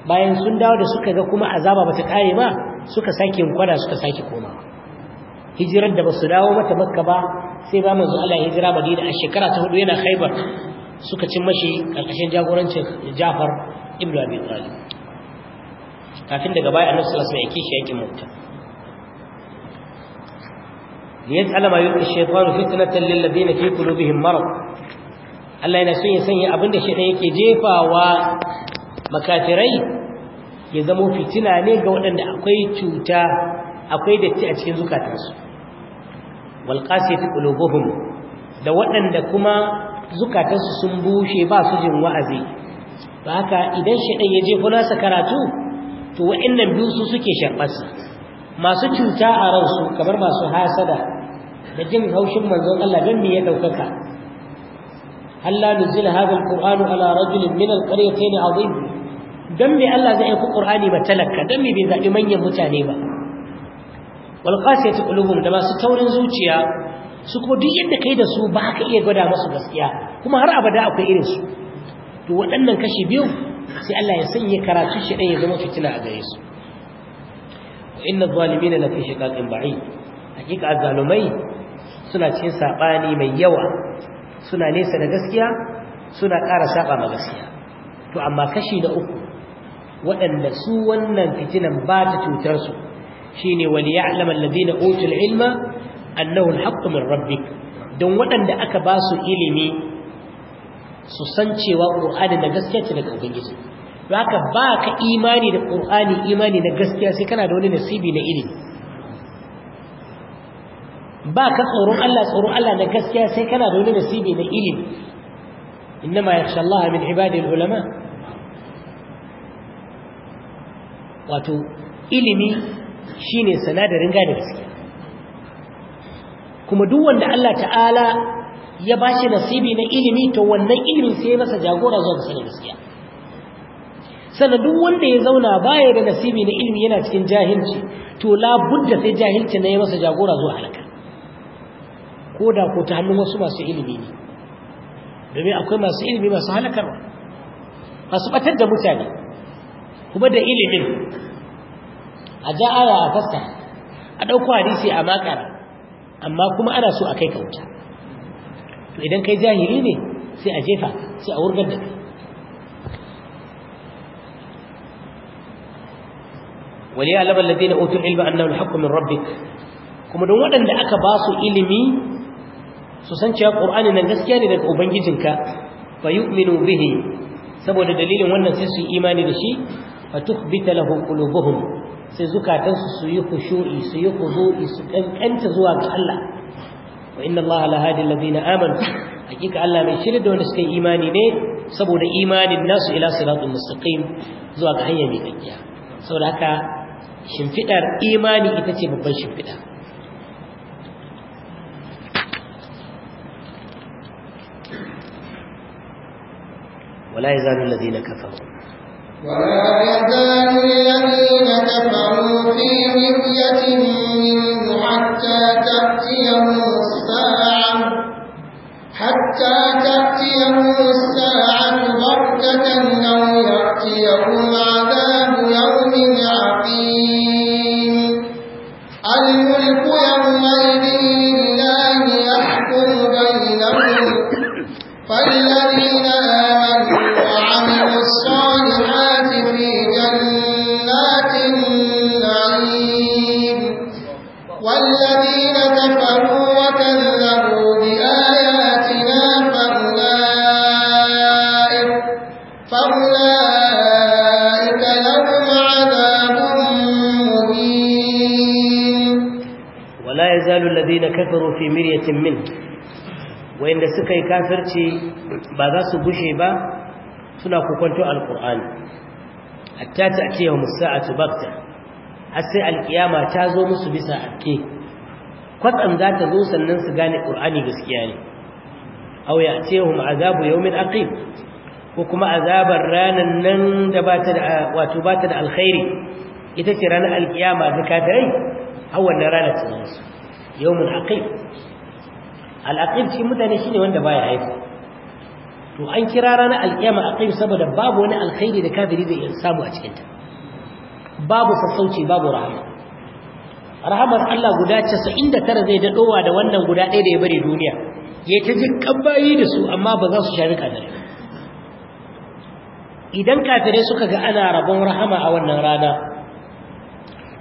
bayan sun dawo da suka ga kuma azaba bata kare ba suka sake kwada suka sake koma hijirar da basu dawo mata makka ba sai ba manzo Allah hijira Madina a shekara ta hudu yana Khaibar suka cin mashi karkashin jagorancin Jafar ibn Abi Talib kafin daga baya Annabi sallallahu alaihi wasallam ya kishi yakin mutum liyaj'ala ma yulqi ash-shaytanu fitnatan lil ladina fi qulubihim marad Allah yana son ya sanya abinda shaytan yake jefawa makafirai ya zama fitina ne ga waɗanda akwai cuta akwai datti a cikin zukatansu wal qasiyati qulubuhum da waɗanda kuma zukatansu sun bushe ba su jin wa'azi ba haka idan shaytan ya jefo nasa karatu to wa'annan biyu su suke sharbarsa masu cuta a ransu kamar masu hasada da jin haushin manzon Allah dan me ya daukaka Allah nuzila hadha alquran ala rajulin min alqaryatayn azim dan me Allah zai aika qur'ani ba talaka dan me bai zabi manyan mutane ba wal qasiyatu qulubuhum da masu taurin zuciya su ko duk yadda kai da su ba ka iya gwada musu gaskiya kuma har abada akwai irin su to waɗannan kashi biyu sai Allah ya sanya karatu shi ɗaya ya zama fitina a gare su wa inna zalimina lafi shiqaqin ba'id hakika azzalumai suna cikin saɓani mai yawa suna nesa da gaskiya suna ƙara saɓa ma gaskiya to amma kashi na uku waɗanda su wannan fitinan ba ta cutarsu shi ne wani ya na ladina otul ilma annahun haƙƙumin rabbi don waɗanda aka ba su ilimi su san cewa ƙur'ani na gaskiya ce daga ubangiji ba ka ba ka imani da ƙur'ani imani na gaskiya sai kana da wani nasibi na ilimi ba ka tsoron Allah tsoron Allah na gaskiya sai kana da wani nasibi na ilimi innama yakhsha Allah min ibadi ulama wato ilimi shine sanadarin gane gaskiya kuma duk wanda Allah ta'ala ya bashi nasibi na ilimi to wannan ilimi sai masa jagora zuwa ga sanin gaskiya sannan duk wanda ya zauna baya da nasibi na ilimi yana cikin jahilci to la budda sai jahilci ne ya masa jagora zuwa halaka ko da ko ta hannun wasu masu ilimi ne domin akwai masu ilimi masu halakarwa masu batar da mutane kuma da ilimin a ja aya a fassa a ɗauko hadisi a makara amma kuma ana so a kai ka wuta to idan kai jahili ne sai a jefa sai a wurgar da kai وليعلم الذين اوتوا العلم انه الحق من ربك kuma don waɗanda aka basu ilimi su san cewa qur'ani nan gaskiya ne daga ubangijinka fa yu'minu bihi saboda dalilin wannan sai su yi imani da shi fa tukhbita lahu qulubuhum sai zukatansu su yi khushu'i su yi khudu'i su kankanta zuwa ga Allah wa inna Allah la hadi alladhina amanu hakika Allah mai shirya da wanda suka yi imani ne saboda imanin nasu ila siratul mustaqim zuwa ga hanya mai kakkiya saboda haka shimfidar imani ita ce babban shimfiɗa. ولا يزال الذين كفروا ولا يزال الذين كفروا في مرية منه حتى تأتيهم الساعة حتى تأتيهم الساعة بركة أو يأتيهم عذاب kafaru fi miryatin min wayanda suka yi kafirci ba za su gushe ba suna kokwanto alqur'ani hatta ta ce wa musa'atu bakta har sai alkiyama ta zo musu bisa akke kwatsam za ta zo sannan su gane qur'ani gaskiya ne aw ya'tihum azabu yawmin aqim ko kuma azabar ranan nan da wato ba da ita ce ranar alkiyama ga kafirai har ta yawmul aqib al cikin mutane ne wanda baya haihu to an kira ranar alkiyama aqib saboda babu wani alkhairi da kafiri zai samu a cikinta, babu sassauci babu rahama rahamar Allah guda 99 zai dadowa da wannan guda ɗaya da ya bari duniya ya ta ji kabbayi da su amma ba za su shari kafirai idan kafirai suka ga ana rabon rahama a wannan rana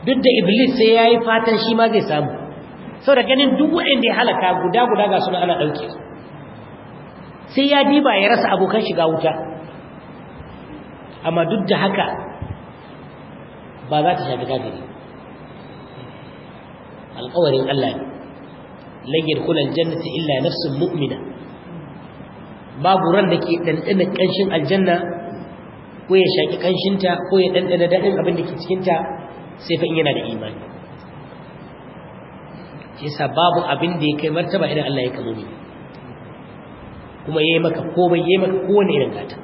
duk da iblis sai yayi fatan shi ma zai samu sau da ganin duk waɗanda ya halaka guda guda ga suna ana ɗauke sai ya diba ya rasa abokan shiga wuta amma duk da haka ba za ta shafi kafiri alƙawarin Allah ne lan kulan jannata illa nafsun mu'mina babu ran da ke ɗanɗana ƙanshin aljanna ko ya shaƙi ƙanshinta ko ya ɗanɗana daɗin abin da ke cikinta sai fa in yana da imani yasa babu abin da ya kai martaba irin Allah ya kamo ne kuma yayi maka komai yayi maka kowane irin gata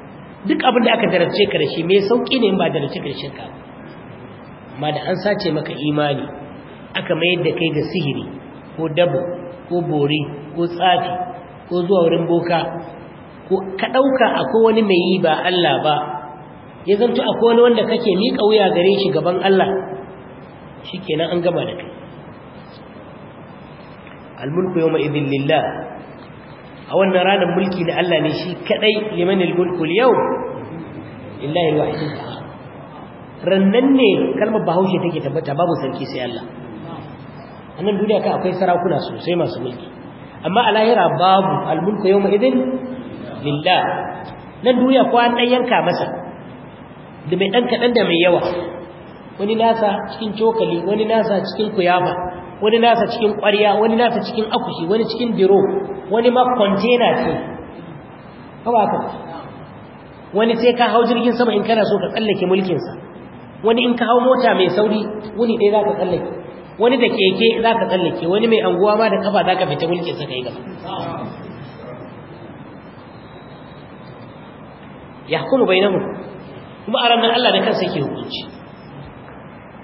duk abin da aka darace ka da shi me sauki ne in ba darace ka da shirka amma da an sace maka imani aka mayar da kai ga sihiri ko dabo ko bori ko tsafi ko zuwa wurin boka ko ka dauka akwai wani mai yi ba Allah ba ya zanto akwai wani wanda kake miƙa wuya gare shi gaban Allah shikenan an gama da kai al-mulku yawma lillah a wannan ranar mulki na Allah ne shi kadai liman al-mulku al-yawm lillahi rannan ne kalmar bahaushe take tabbata babu sarki sai Allah a nan duniya ka akwai sarakuna sosai masu mulki amma a lahira babu al-mulku yawma lillah nan duniya kuwa an ɗan yanka masa da mai ɗan kaɗan da mai yawa wani nasa cikin cokali wani nasa cikin kuyafa wani nasa cikin ƙwariya wani nasa cikin akushi wani cikin biro wani ma kwantena ce kawai ka? wani sai ka hau jirgin sama in kana so ka tsallake mulkinsa wani in ka hau mota mai sauri wuni ɗaya za ka tsallake wani da keke za ka tsallake wani mai anguwa ma da kafa za ka fita mulkinsa ka yi gaba ya hukumu bai nahu kuma a ranar allah da kansa yake hukunci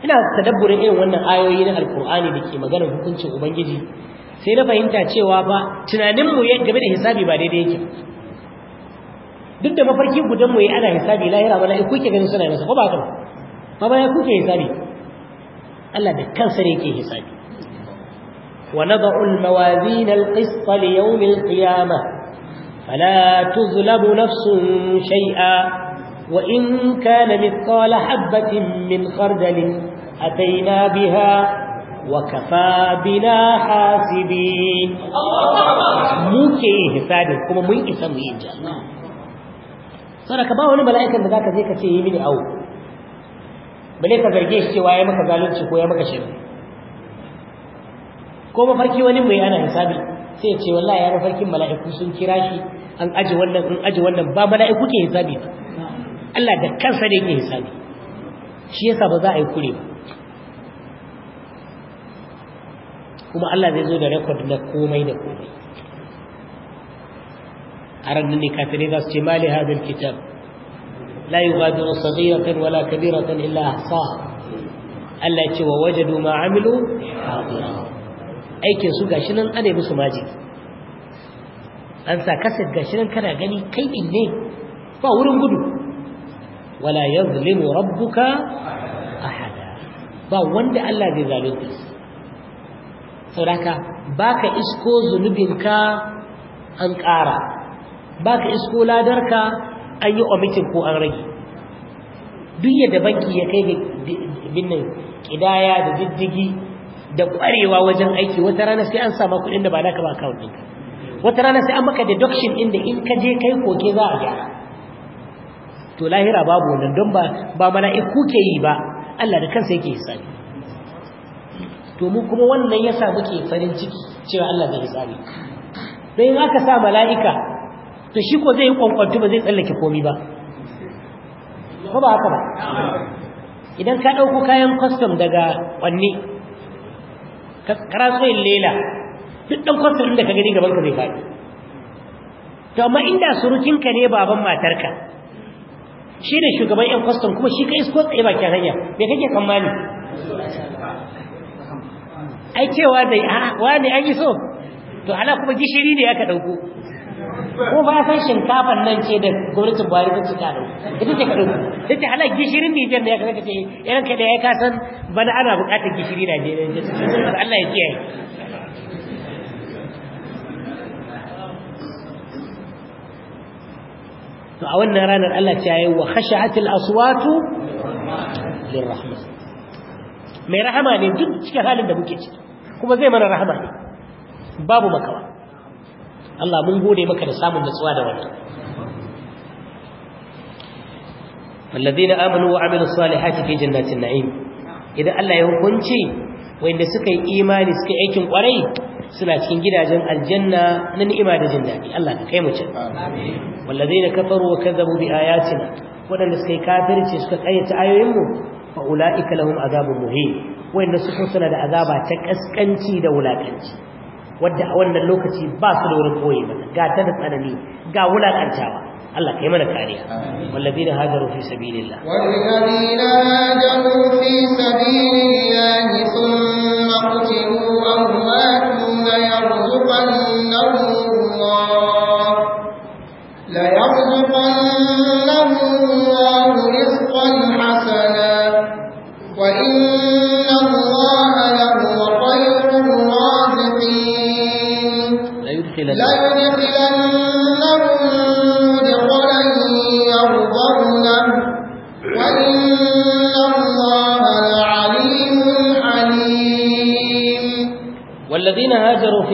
ina tadabburin irin wannan ayoyi na alkur'ani da ke maganar hukuncin ubangiji sai na fahimta cewa ba tunaninmu ya game da hisabi ba daidai yake duk da mafarki gudan mu yi ana hisabi lahira ba la'iku kuke ganin suna nasa ko ba kama ba ba ya kuke hisabi Allah da kansa ne yake hisabi wa nada'u al-mawazin al-qist li yawm al-qiyamah fala tuzlamu nafsun shay'a وإن كان مثقال حبة من خردل أتينا بها وكفى بنا حاسبين muke hisabin kuma mun isa mu yi janna saboda ka ba wani mala'ikan da zaka je ka ce yi mini awo bale ka zarge shi cewa ya maka zalunci ko ya maka shirki ko mafarki wani mai ana hisabi sai ya ce wallahi mafarkin mala'iku sun kira shi an aje wannan ba mala'iku ke hisabi ba Allah da kansa ne yake hisabi shi yasa ba za a yi kure ba kuma Allah zai zo da rekod na komai da komai a ranar ne kafirai za su ce mali hadin kitab la Sadiya kan wala Kabira kan illa ahsaha Allah ce wa waje ma amilu aikin su gashi nan ana yi musu maji an sa kasar gashi nan kana gani kai din ne ba wurin gudu wala yazlimu rabbuka ahada ba wanda Allah zai zalunta Sadaka ba ka isko zunubinka an ƙara Baka ka isko ladarka an yi omitin ko an rage duk yadda banki ya kai ga binnan ƙidaya da diddigi da ƙwarewa wajen aiki wata rana sai an sama kuɗin da ba naka ba akawun ɗinka wata rana sai an maka deduction inda in ka je kai koke za a gyara to lahira babu wannan don ba ba mala'iku ke yi ba Allah da kansa yake sani. to mu kuma wannan yasa muke farin ciki cewa Allah bai tsare. dan in aka sa mala'ika to shi ko zai yi kwankwanto ba zai tsallake komai ba ko ba haka ba idan ka dauko kayan custom daga wanne ka karasoyin lela duk dan custom da ka gani gaban ka zai faɗi to amma inda surukinka ne baban matarka shi ne shugaban 'yan custom kuma shi ka isko tsaye bakin hanya me kake tsammani ai cewa dai a wani an yi so to ala kuma gishiri ne aka dauko ko ba san shinkafar nan ce da gwamnatin buhari ta ci karo ita ce karo ta ce ala gishirin nijar da ya kasa ce irin ka da ya kasan bana ana bukatar gishiri ne allah ya kiyaye to a wannan ranar allah ta yi wa khashatil aswatu lirrahman mai rahama ne duk cikin halin da muke ciki kuma zai mana rahama ne babu makawa Allah mun gode maka da samun nutsuwa da wannan alladhina amanu wa amilus salihati fi jannatin na'im idan Allah ya hukunci wanda suka yi imani suka aikin kwarai suna cikin gidajen aljanna na ni'ima da jin daɗi Allah ka kai mu can amin wallazina kafaru wa kazzabu bi ayatina wadanda suka yi kafirci suka kayyata ayoyin mu fa ulaika lahum azabun muhin wanda su suna da azaba ta ƙaskanci da wulakanci wadda a wannan lokaci ba su da wurin koyi mata ga ta da tsanani ga wulakantawa Allah kai mana kariya wallazina hajaru fi sabilillah wallazina hajaru fi sabilillah la yarzuqannahum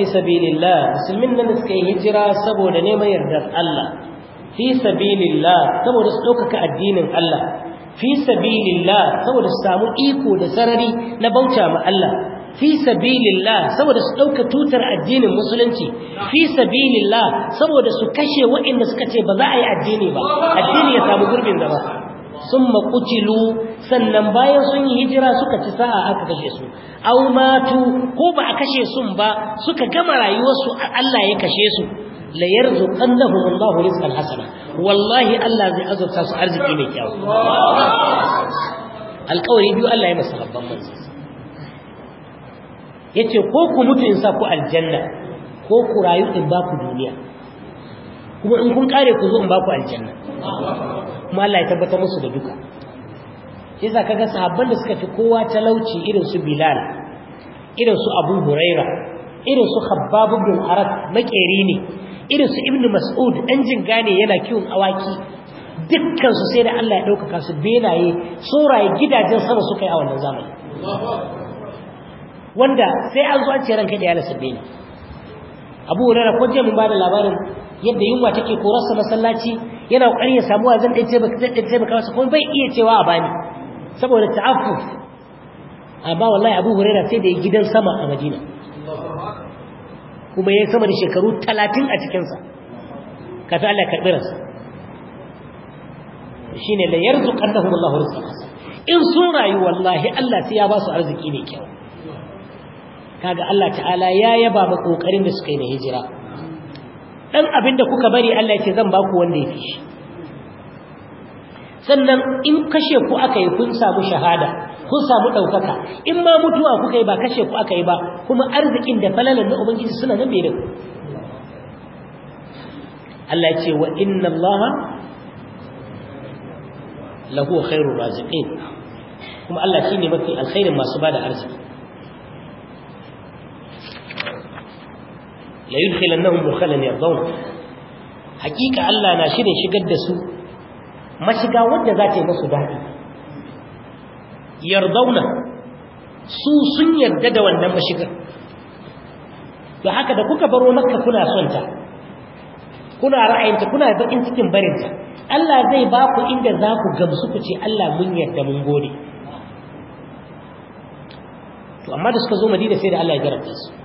fi sabilillah musulmin nan suka yi hijira saboda neman yardar Allah fi sabilillah saboda su ɗaukaka addinin Allah fi sabilillah saboda su samu iko da sarari na bauta ma Allah fi sabilillah saboda su ɗauka tutar addinin musulunci fi sabilillah saboda su kashe waɗanda suka ce ba za a yi addini ba addini ya samu gurbin gaba sun maƙutilu sannan bayan sun yi hijira suka ci sa'a aka kashe su au matu ko ba a kashe sun ba suka gama rayuwarsu Allah ya kashe su la yarzuqannahum Allah rizqan hasana wallahi Allah zai azurta su arziki mai kyau alƙawari biyu Allah ya masa rabban manzo yace ko ku mutu in sa ku aljanna ko ku rayu in ba ku duniya kuma in kun kare ku zo in ba ku aljanna kuma Allah ya tabbatar musu da duka yasa kaga sahabban da suka fi kowa talauci irin su Bilal irin su Abu Huraira irin su Khabbab bin Arat makeri ne irin su Ibn Mas'ud jin gane yana kiwon awaki dukkan su sai da Allah ya dauka su benaye soraye gidajen sama suka yi a wannan zamani wanda sai an zo an ce ranka da ya lasa bene Abu Huraira ko je mun ba da labarin yadda yunwa take korarsa masallaci yana ƙoƙari ya samu zan ɗaya taimaka ɗaya taimaka masa kuma bai iya cewa a bani saboda ta'affuf amma wallahi Abu huraira sai da ya gidan sama a Madina kuma ya sama da shekaru talatin a cikin sa kaza Allah ya shi ne shine la yarzuqannahum Allahu rizqan in sun rayu wallahi Allah sai ya ba su arziki mai kyau kaga Allah ta'ala ya yaba ba ƙoƙarin da suka yi na hijira dan abin da kuka bari Allah ya ce zan baku wanda ya sannan in kashe ku aka yi kun samu shahada kun samu ɗaukaka in ma mutuwa kuka yi ba kashe ku aka yi ba kuma arzikin da falalan na ubangiji suna nan bai ku Allah ya ce wa inna Allah lahu khairur raziqin kuma Allah shine mafi alkhairin masu bada arziki la nan mukhalan yardawun hakika Allah na shirin shigar da su mashiga wanda za ta yi musu dadi yardauna su sun yarda da wannan mashigar da haka da kuka baro makka kuna son ta kuna ra'ayinta kuna bakin cikin barinta Allah zai ba ku inda za ku gamsu ku ce Allah mun yarda mun gode to amma da suka zo madina sai da Allah ya garanta su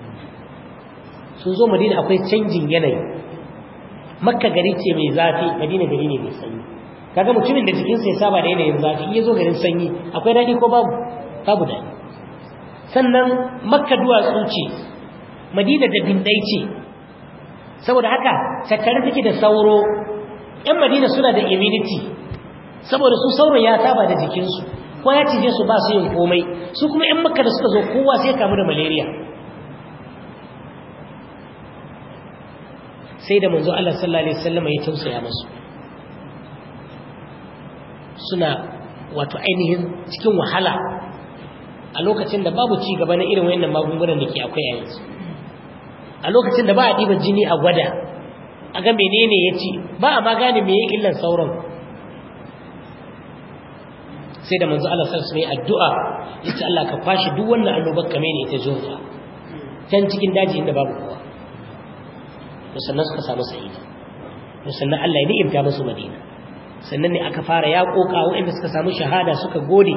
sun zo madina akwai canjin yanayi makka gari ce mai zafi madina gari ne mai sanyi kaga mutumin da jikinsa ya saba da yanayin zafi in ya zo garin sanyi akwai daɗi ko babu babu daɗi sannan makka duwatsu ce madina da bindai ce saboda haka tattare take da sauro yan madina suna da immunity saboda su sauro ya saba da jikinsu ko ya cije su ba su yin komai su kuma yan makka da suka zo kowa sai kamu da malaria sai da manzo Allah sallallahu alaihi wasallam ya tausaya musu suna wato ainihin cikin wahala a lokacin da babu ci gaba na irin wayannan magungunan da ke akwai a yanzu a lokacin da ba a diba jini a gwada a ga menene ya ci ba a ma gane me yake illan sauran sai da manzo Allah sallallahu alaihi wasallam addu'a yace Allah ka fashi duk wannan annobar kamene ne ta zo ta can cikin daji inda babu kowa to sannan suka samu sa'ida to sannan Allah ya ni'imta musu madina sannan ne aka fara yaƙoƙa, koka waɗanda suka samu shahada suka gode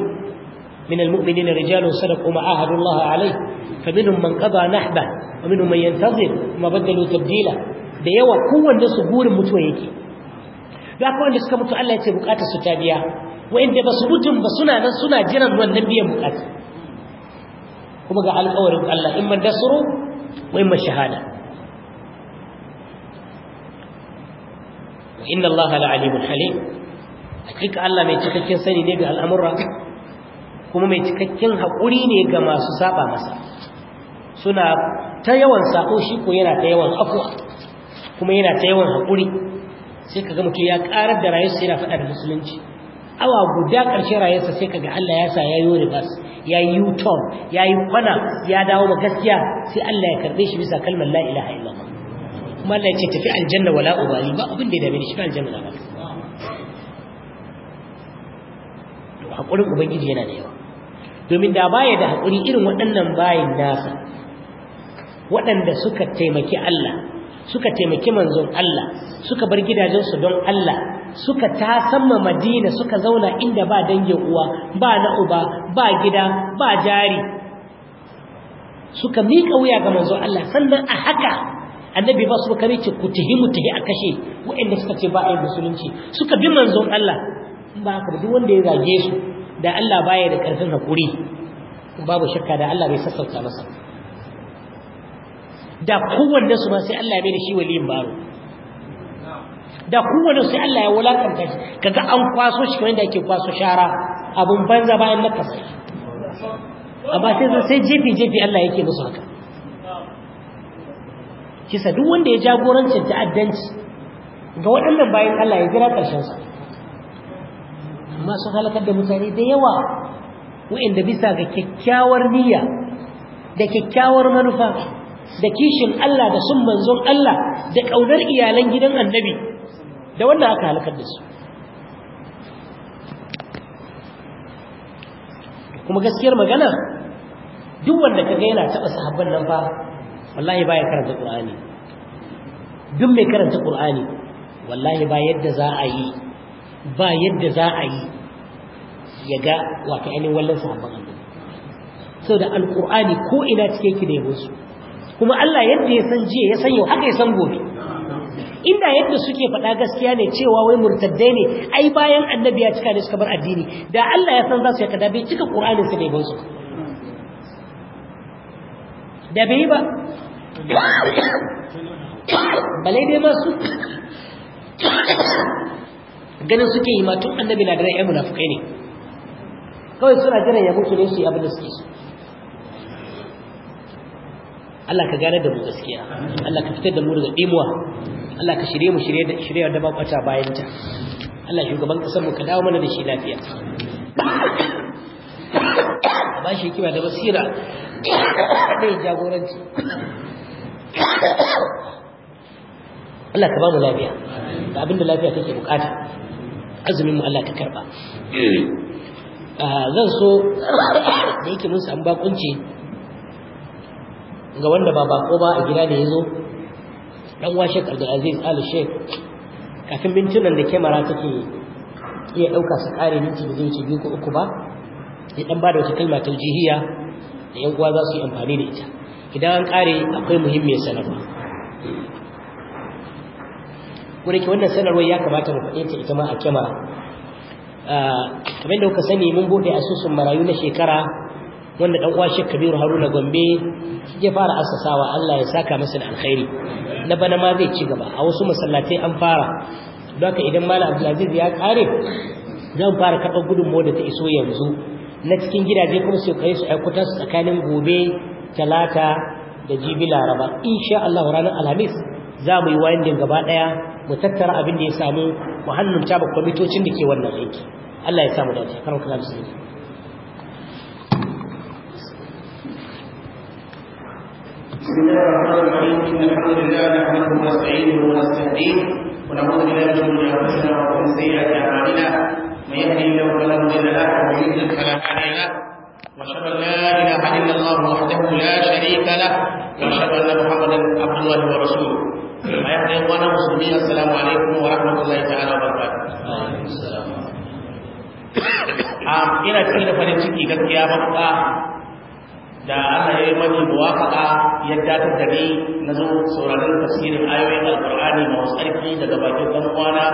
Min من المؤمنين رجال صدقوا Laha عاهدوا الله عليه man من قضى نحبه ومنهم من ينتظر وما بدلوا تبديلا da yawa kowanne su burin mutuwa yake da kuma wanda suka mutu Allah ya ce bukatar su ta biya wa'inda ba su mutun ba suna nan suna jiran wannan biyan bukata kuma ga alƙawarin Allah in man dasuru wa in man shahada wa inna allaha la'alimul halim hakika Allah mai cikakken sani ne ga al'amura kuma mai cikakken haƙuri ne ga masu saba masa suna ta yawan sako shi ko yana ta yawan afuwa kuma yana ta yawan haƙuri sai kaga mutum ya ƙarar da rayuwarsa yana faɗa da musulunci awa guda ƙarshe rayuwarsa sai kaga Allah ya sa yayi ya yi u-turn yi kwana ya dawo ga gaskiya sai Allah ya karbe shi bisa kalmar la ilaha illallah kuma Allah ya ce tafi aljanna wala ubali ba abin da ya dame ni aljanna ba to hakurin ubangiji yana da yawa domin da baya da hakuri irin waɗannan bayin nasa waɗanda suka taimaki Allah suka taimaki manzon Allah suka bar gidajensu don Allah suka tasamma Madina suka zauna inda ba dangin uwa ba na uba ba gida ba jari suka miƙa wuya ga manzon Allah sannan a haka annabi ba su kare ce ku tihi mu tihi a kashe waɗanda suka ce ba a yi musulunci suka bi manzon Allah in ba haka duk wanda ya zage su da Allah baya da karfin hakuri babu shakka da Allah bai sassauta masa da kowanne su ba sai Allah ya bai da shi waliyin baro da kowanne sai Allah ya wulakanta shi kaga an kwaso shi kamar da ake kwaso shara abun banza bayan nakasa amma sai jefi jefi Allah yake musu haka kisa duk wanda ya jagorancin ta'addanci ga waɗannan bayan Allah ya jira ƙarshen sa, amma sun halakar da mutane da yawa waɗanda bisa ga kyakkyawar niyya da kyakkyawar manufa da kishin Allah da sun manzon Allah da ƙaunar iyalan gidan annabi da wanda aka halakar da su kuma gaskiyar magana duk wanda kaga yana taɓa sahabban nan fa wallahi baya karanta qur'ani duk mai karanta qur'ani wallahi ba yadda za a yi ba yadda za a yi ya ga wato ainihin wallan sahabban so da alqur'ani ko ina cike ki da yabo su kuma Allah yadda ya san jiya ya san yau haka ya san gobe inda yadda suke faɗa gaskiya ne cewa wai murtaddai ne ai bayan annabi ya cika ne suka bar addini da Allah ya san za su ya kada bai cika qur'anin su da yabo su da bai ba balai dai masu ganin suke yi matun annabi na da rai yan munafukai ne kawai suna jiran ya mutu ne su yi abin da suke su Allah ka gane da mu gaskiya Allah ka fitar da mu daga dimuwa Allah ka shirye mu shirye da shirye da ba bayan ta Allah shugaban kasar mu ka dawo mana da shi lafiya ba shi kiba da basira bai jagoranci Allah ka ba mu lafiya da abinda lafiya take bukata azumin mu Allah ka karba eh. ah, zan so da yake mun samu bakunci ga wanda ba bako ba a gida da ya zo dan washe Abdulaziz Ali Sheikh kafin mintunan da kyamara take iya dauka su kare minti da zai ce biyu ko uku ba ya dan ba da wata kalma taujihiya da yan uwa za su yi amfani da ita idan an kare akwai muhimmiyar sanarwa kuma ke wannan sanarwar ya kamata mu faɗe ita ma a kyama ah, kamar da kuka sani mun buɗe asusun marayu na shekara wanda ɗan uwashe Kabiru Haruna Gombe ya fara asasawa, Allah ya saka masa da alkhairi na bana ma zai ci gaba a wasu masallatai an fara don ka idan Malam Abdulaziz ya kare zan fara karɓar gudunmawar da ta iso yanzu na cikin gidaje kuma su kai su aikutan su tsakanin gobe talata da jibi laraba insha Allah ranar alhamis za mu yi wayan gaba daya mu tattara abin da ya samu mu hannunta ba kwamitocin da ke wannan aiki Allah ya samu dace karon kana musulmi بسم الله الرحمن الرحيم ان الحمد لله نحمده ونستعينه ونستهديه ونعوذ بالله من شرور انفسنا ومن سيئات اعمالنا من يهدي الله فلا مضل له ومن يضلل فلا هادي له واشهد ان لا اله الا الله وحده لا شريك له واشهد ان محمدا عبد الله ورسوله ما يهدي اخوانا المسلمين السلام عليكم ورحمه الله تعالى وبركاته. وعليكم السلام ina cikin da farin ciki gaskiya matuƙa da Allah ya yi mani muwafaƙa ya datar da ni na zo sauraron tafsirin ayoyin alƙur'ani masu tsarki daga bakin ɗan uwana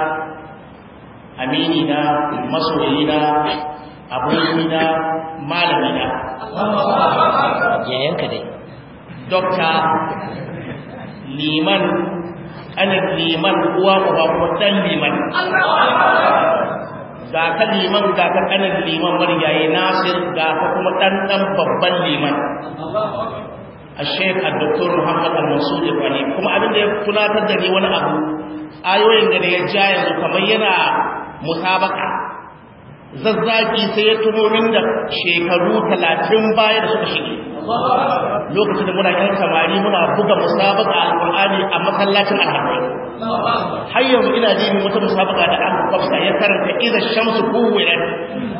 amini na masoyi na aboki na malami na yayanka dai dokta liman kanin liman uwa ba kuma dan liman ga ka liman ga ka kanin liman marigayi nasir ga ka kuma dan dan babban liman الشيخ الدكتور محمد المنصور الفاني kuma abin da ya tunatar da ni wani abu ayoyin da ya ja yanzu kamar yana musabaka zazzaki sai ya min da shekaru talatin baya da suka shige lokacin da muna yan samari muna buga musabaka alƙur'ani a masallacin alhamdai har yanzu ina jin wata musabaka da aka kwafsa ya karanta iza shamsu kuwirat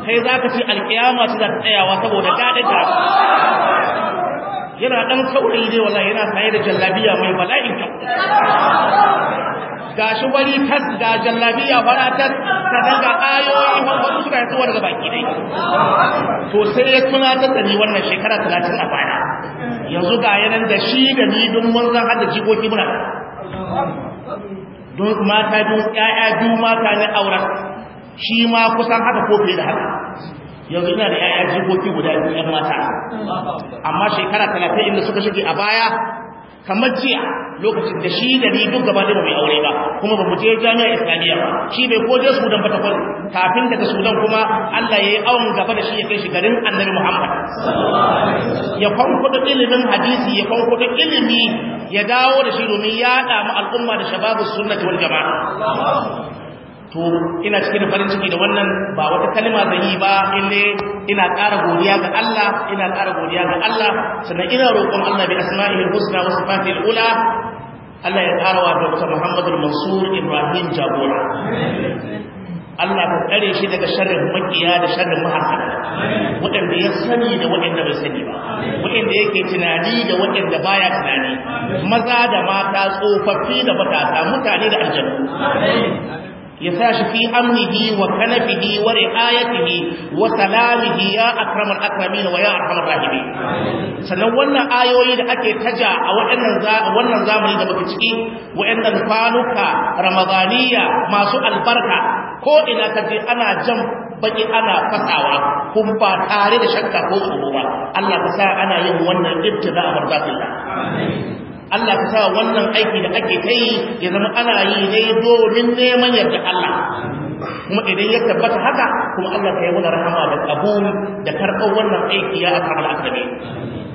kai za ka ce alƙiyama ta da tsayawa saboda daɗin ta yana ɗan saurayi dai wallahi yana saye da jallabiya mai bala'in kyau ga shi wani tas ga jallabiya fara tas ta daga ayoyi wasu suka yi zuwa da baki dai to sai ya tuna ta tsani wannan shekara talatin a baya yanzu ga yanan da shi da ni don mun zan hada jikoki muna don mata biyu 'ya'ya biyu mata ne auren shi ma kusan haka ko fiye da haka yanzu ina da 'ya'ya jikoki guda biyu mata amma shekara talatin inda suka shige a baya kamar jiya lokacin da shi da ni duk gaba da mai aure ba kuma ba mu je jami'ar islamiyya shi bai ko je sudan ba takwal kafin daga sudan kuma allah ya yi awon gaba da shi ya kai shi garin annabi muhammad ya kwankwada ilimin hadisi ya kwankwada ilimi ya dawo da shi domin ya mu al'umma da shababu sunnati wal jama'a to ina cikin farin ciki da wannan ba wata kalma zan yi ba ille ina ƙara godiya ga Allah ina ƙara godiya ga Allah sannan ina roƙon Allah bi asma'il husna wa sifatil ula Allah ya ƙara wa Dr. Muhammad Mansur Ibrahim Jagora Allah ka tsare shi daga sharrin makiya da sharrin mahasada waɗanda ya sani da waɗanda bai sani ba waɗanda yake tunani da waɗanda baya tunani maza da mata tsofaffi da matasa mutane da aljanu ya sa shi fi amnihi wa kanafihi wa ri'ayatihi wa salamihi ya akramal akramin wa ya arhamar rahimin sannan wannan ayoyi da ake taja a wannan zamani da muke ciki wa'annan kwanuka ramadaniya masu albarka ko ina kaje ana jan baki ana fasawa kun ba tare da shakka ko tsoro ba Allah ya sa ana yin wannan ibtida a amin Allah ta sa wannan aiki da ake kai ya zama ana yi dai domin neman yarda Allah kuma idan ya tabbata haka kuma Allah ta yi mana rahama da kabul da karɓar wannan aiki ya aka al'akari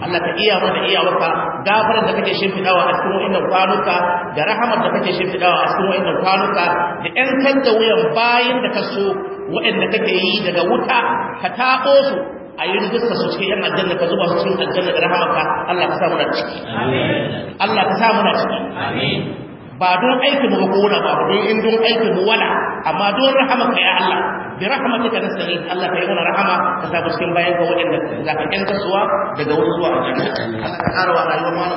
Allah ta iya mana iyawarka gafarar da kake fidawa a cikin wa'innan kwanuka da rahamar da kake fidawa a cikin wa'innan kwanuka da ƴan kan da wuyan bayan da ka so wa'inda kake yi daga wuta ka taɓo su a yi rizikka su cikin yan aljanna ka zuba su cikin aljanna da rahamarka Allah ka sa na ciki Allah ka sa muna ciki amin ba don aikin mu ko ba don in don aikin mu wala amma don rahama ka ya Allah bi rahmatika nasali Allah ka yi mana rahama ka sa cikin bayan ka wadanda za ka yanka suwa daga wani zuwa Allah ka wa rayuwar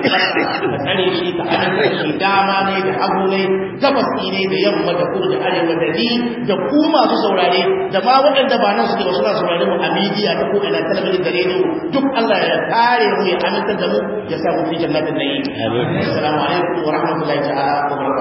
ka shi ka shi dama ne da hagu ne gabas ne da yamma da kudu da arewa da ni da ku masu saurare da ma waɗanda ba nan suke ba suna saurare mu a midiya da ko ina talabijin da rediyo duk Allah ya kare mu ya amintar da mu ya sa mu fi jannatin assalamu alaikum orang yang belajar, orang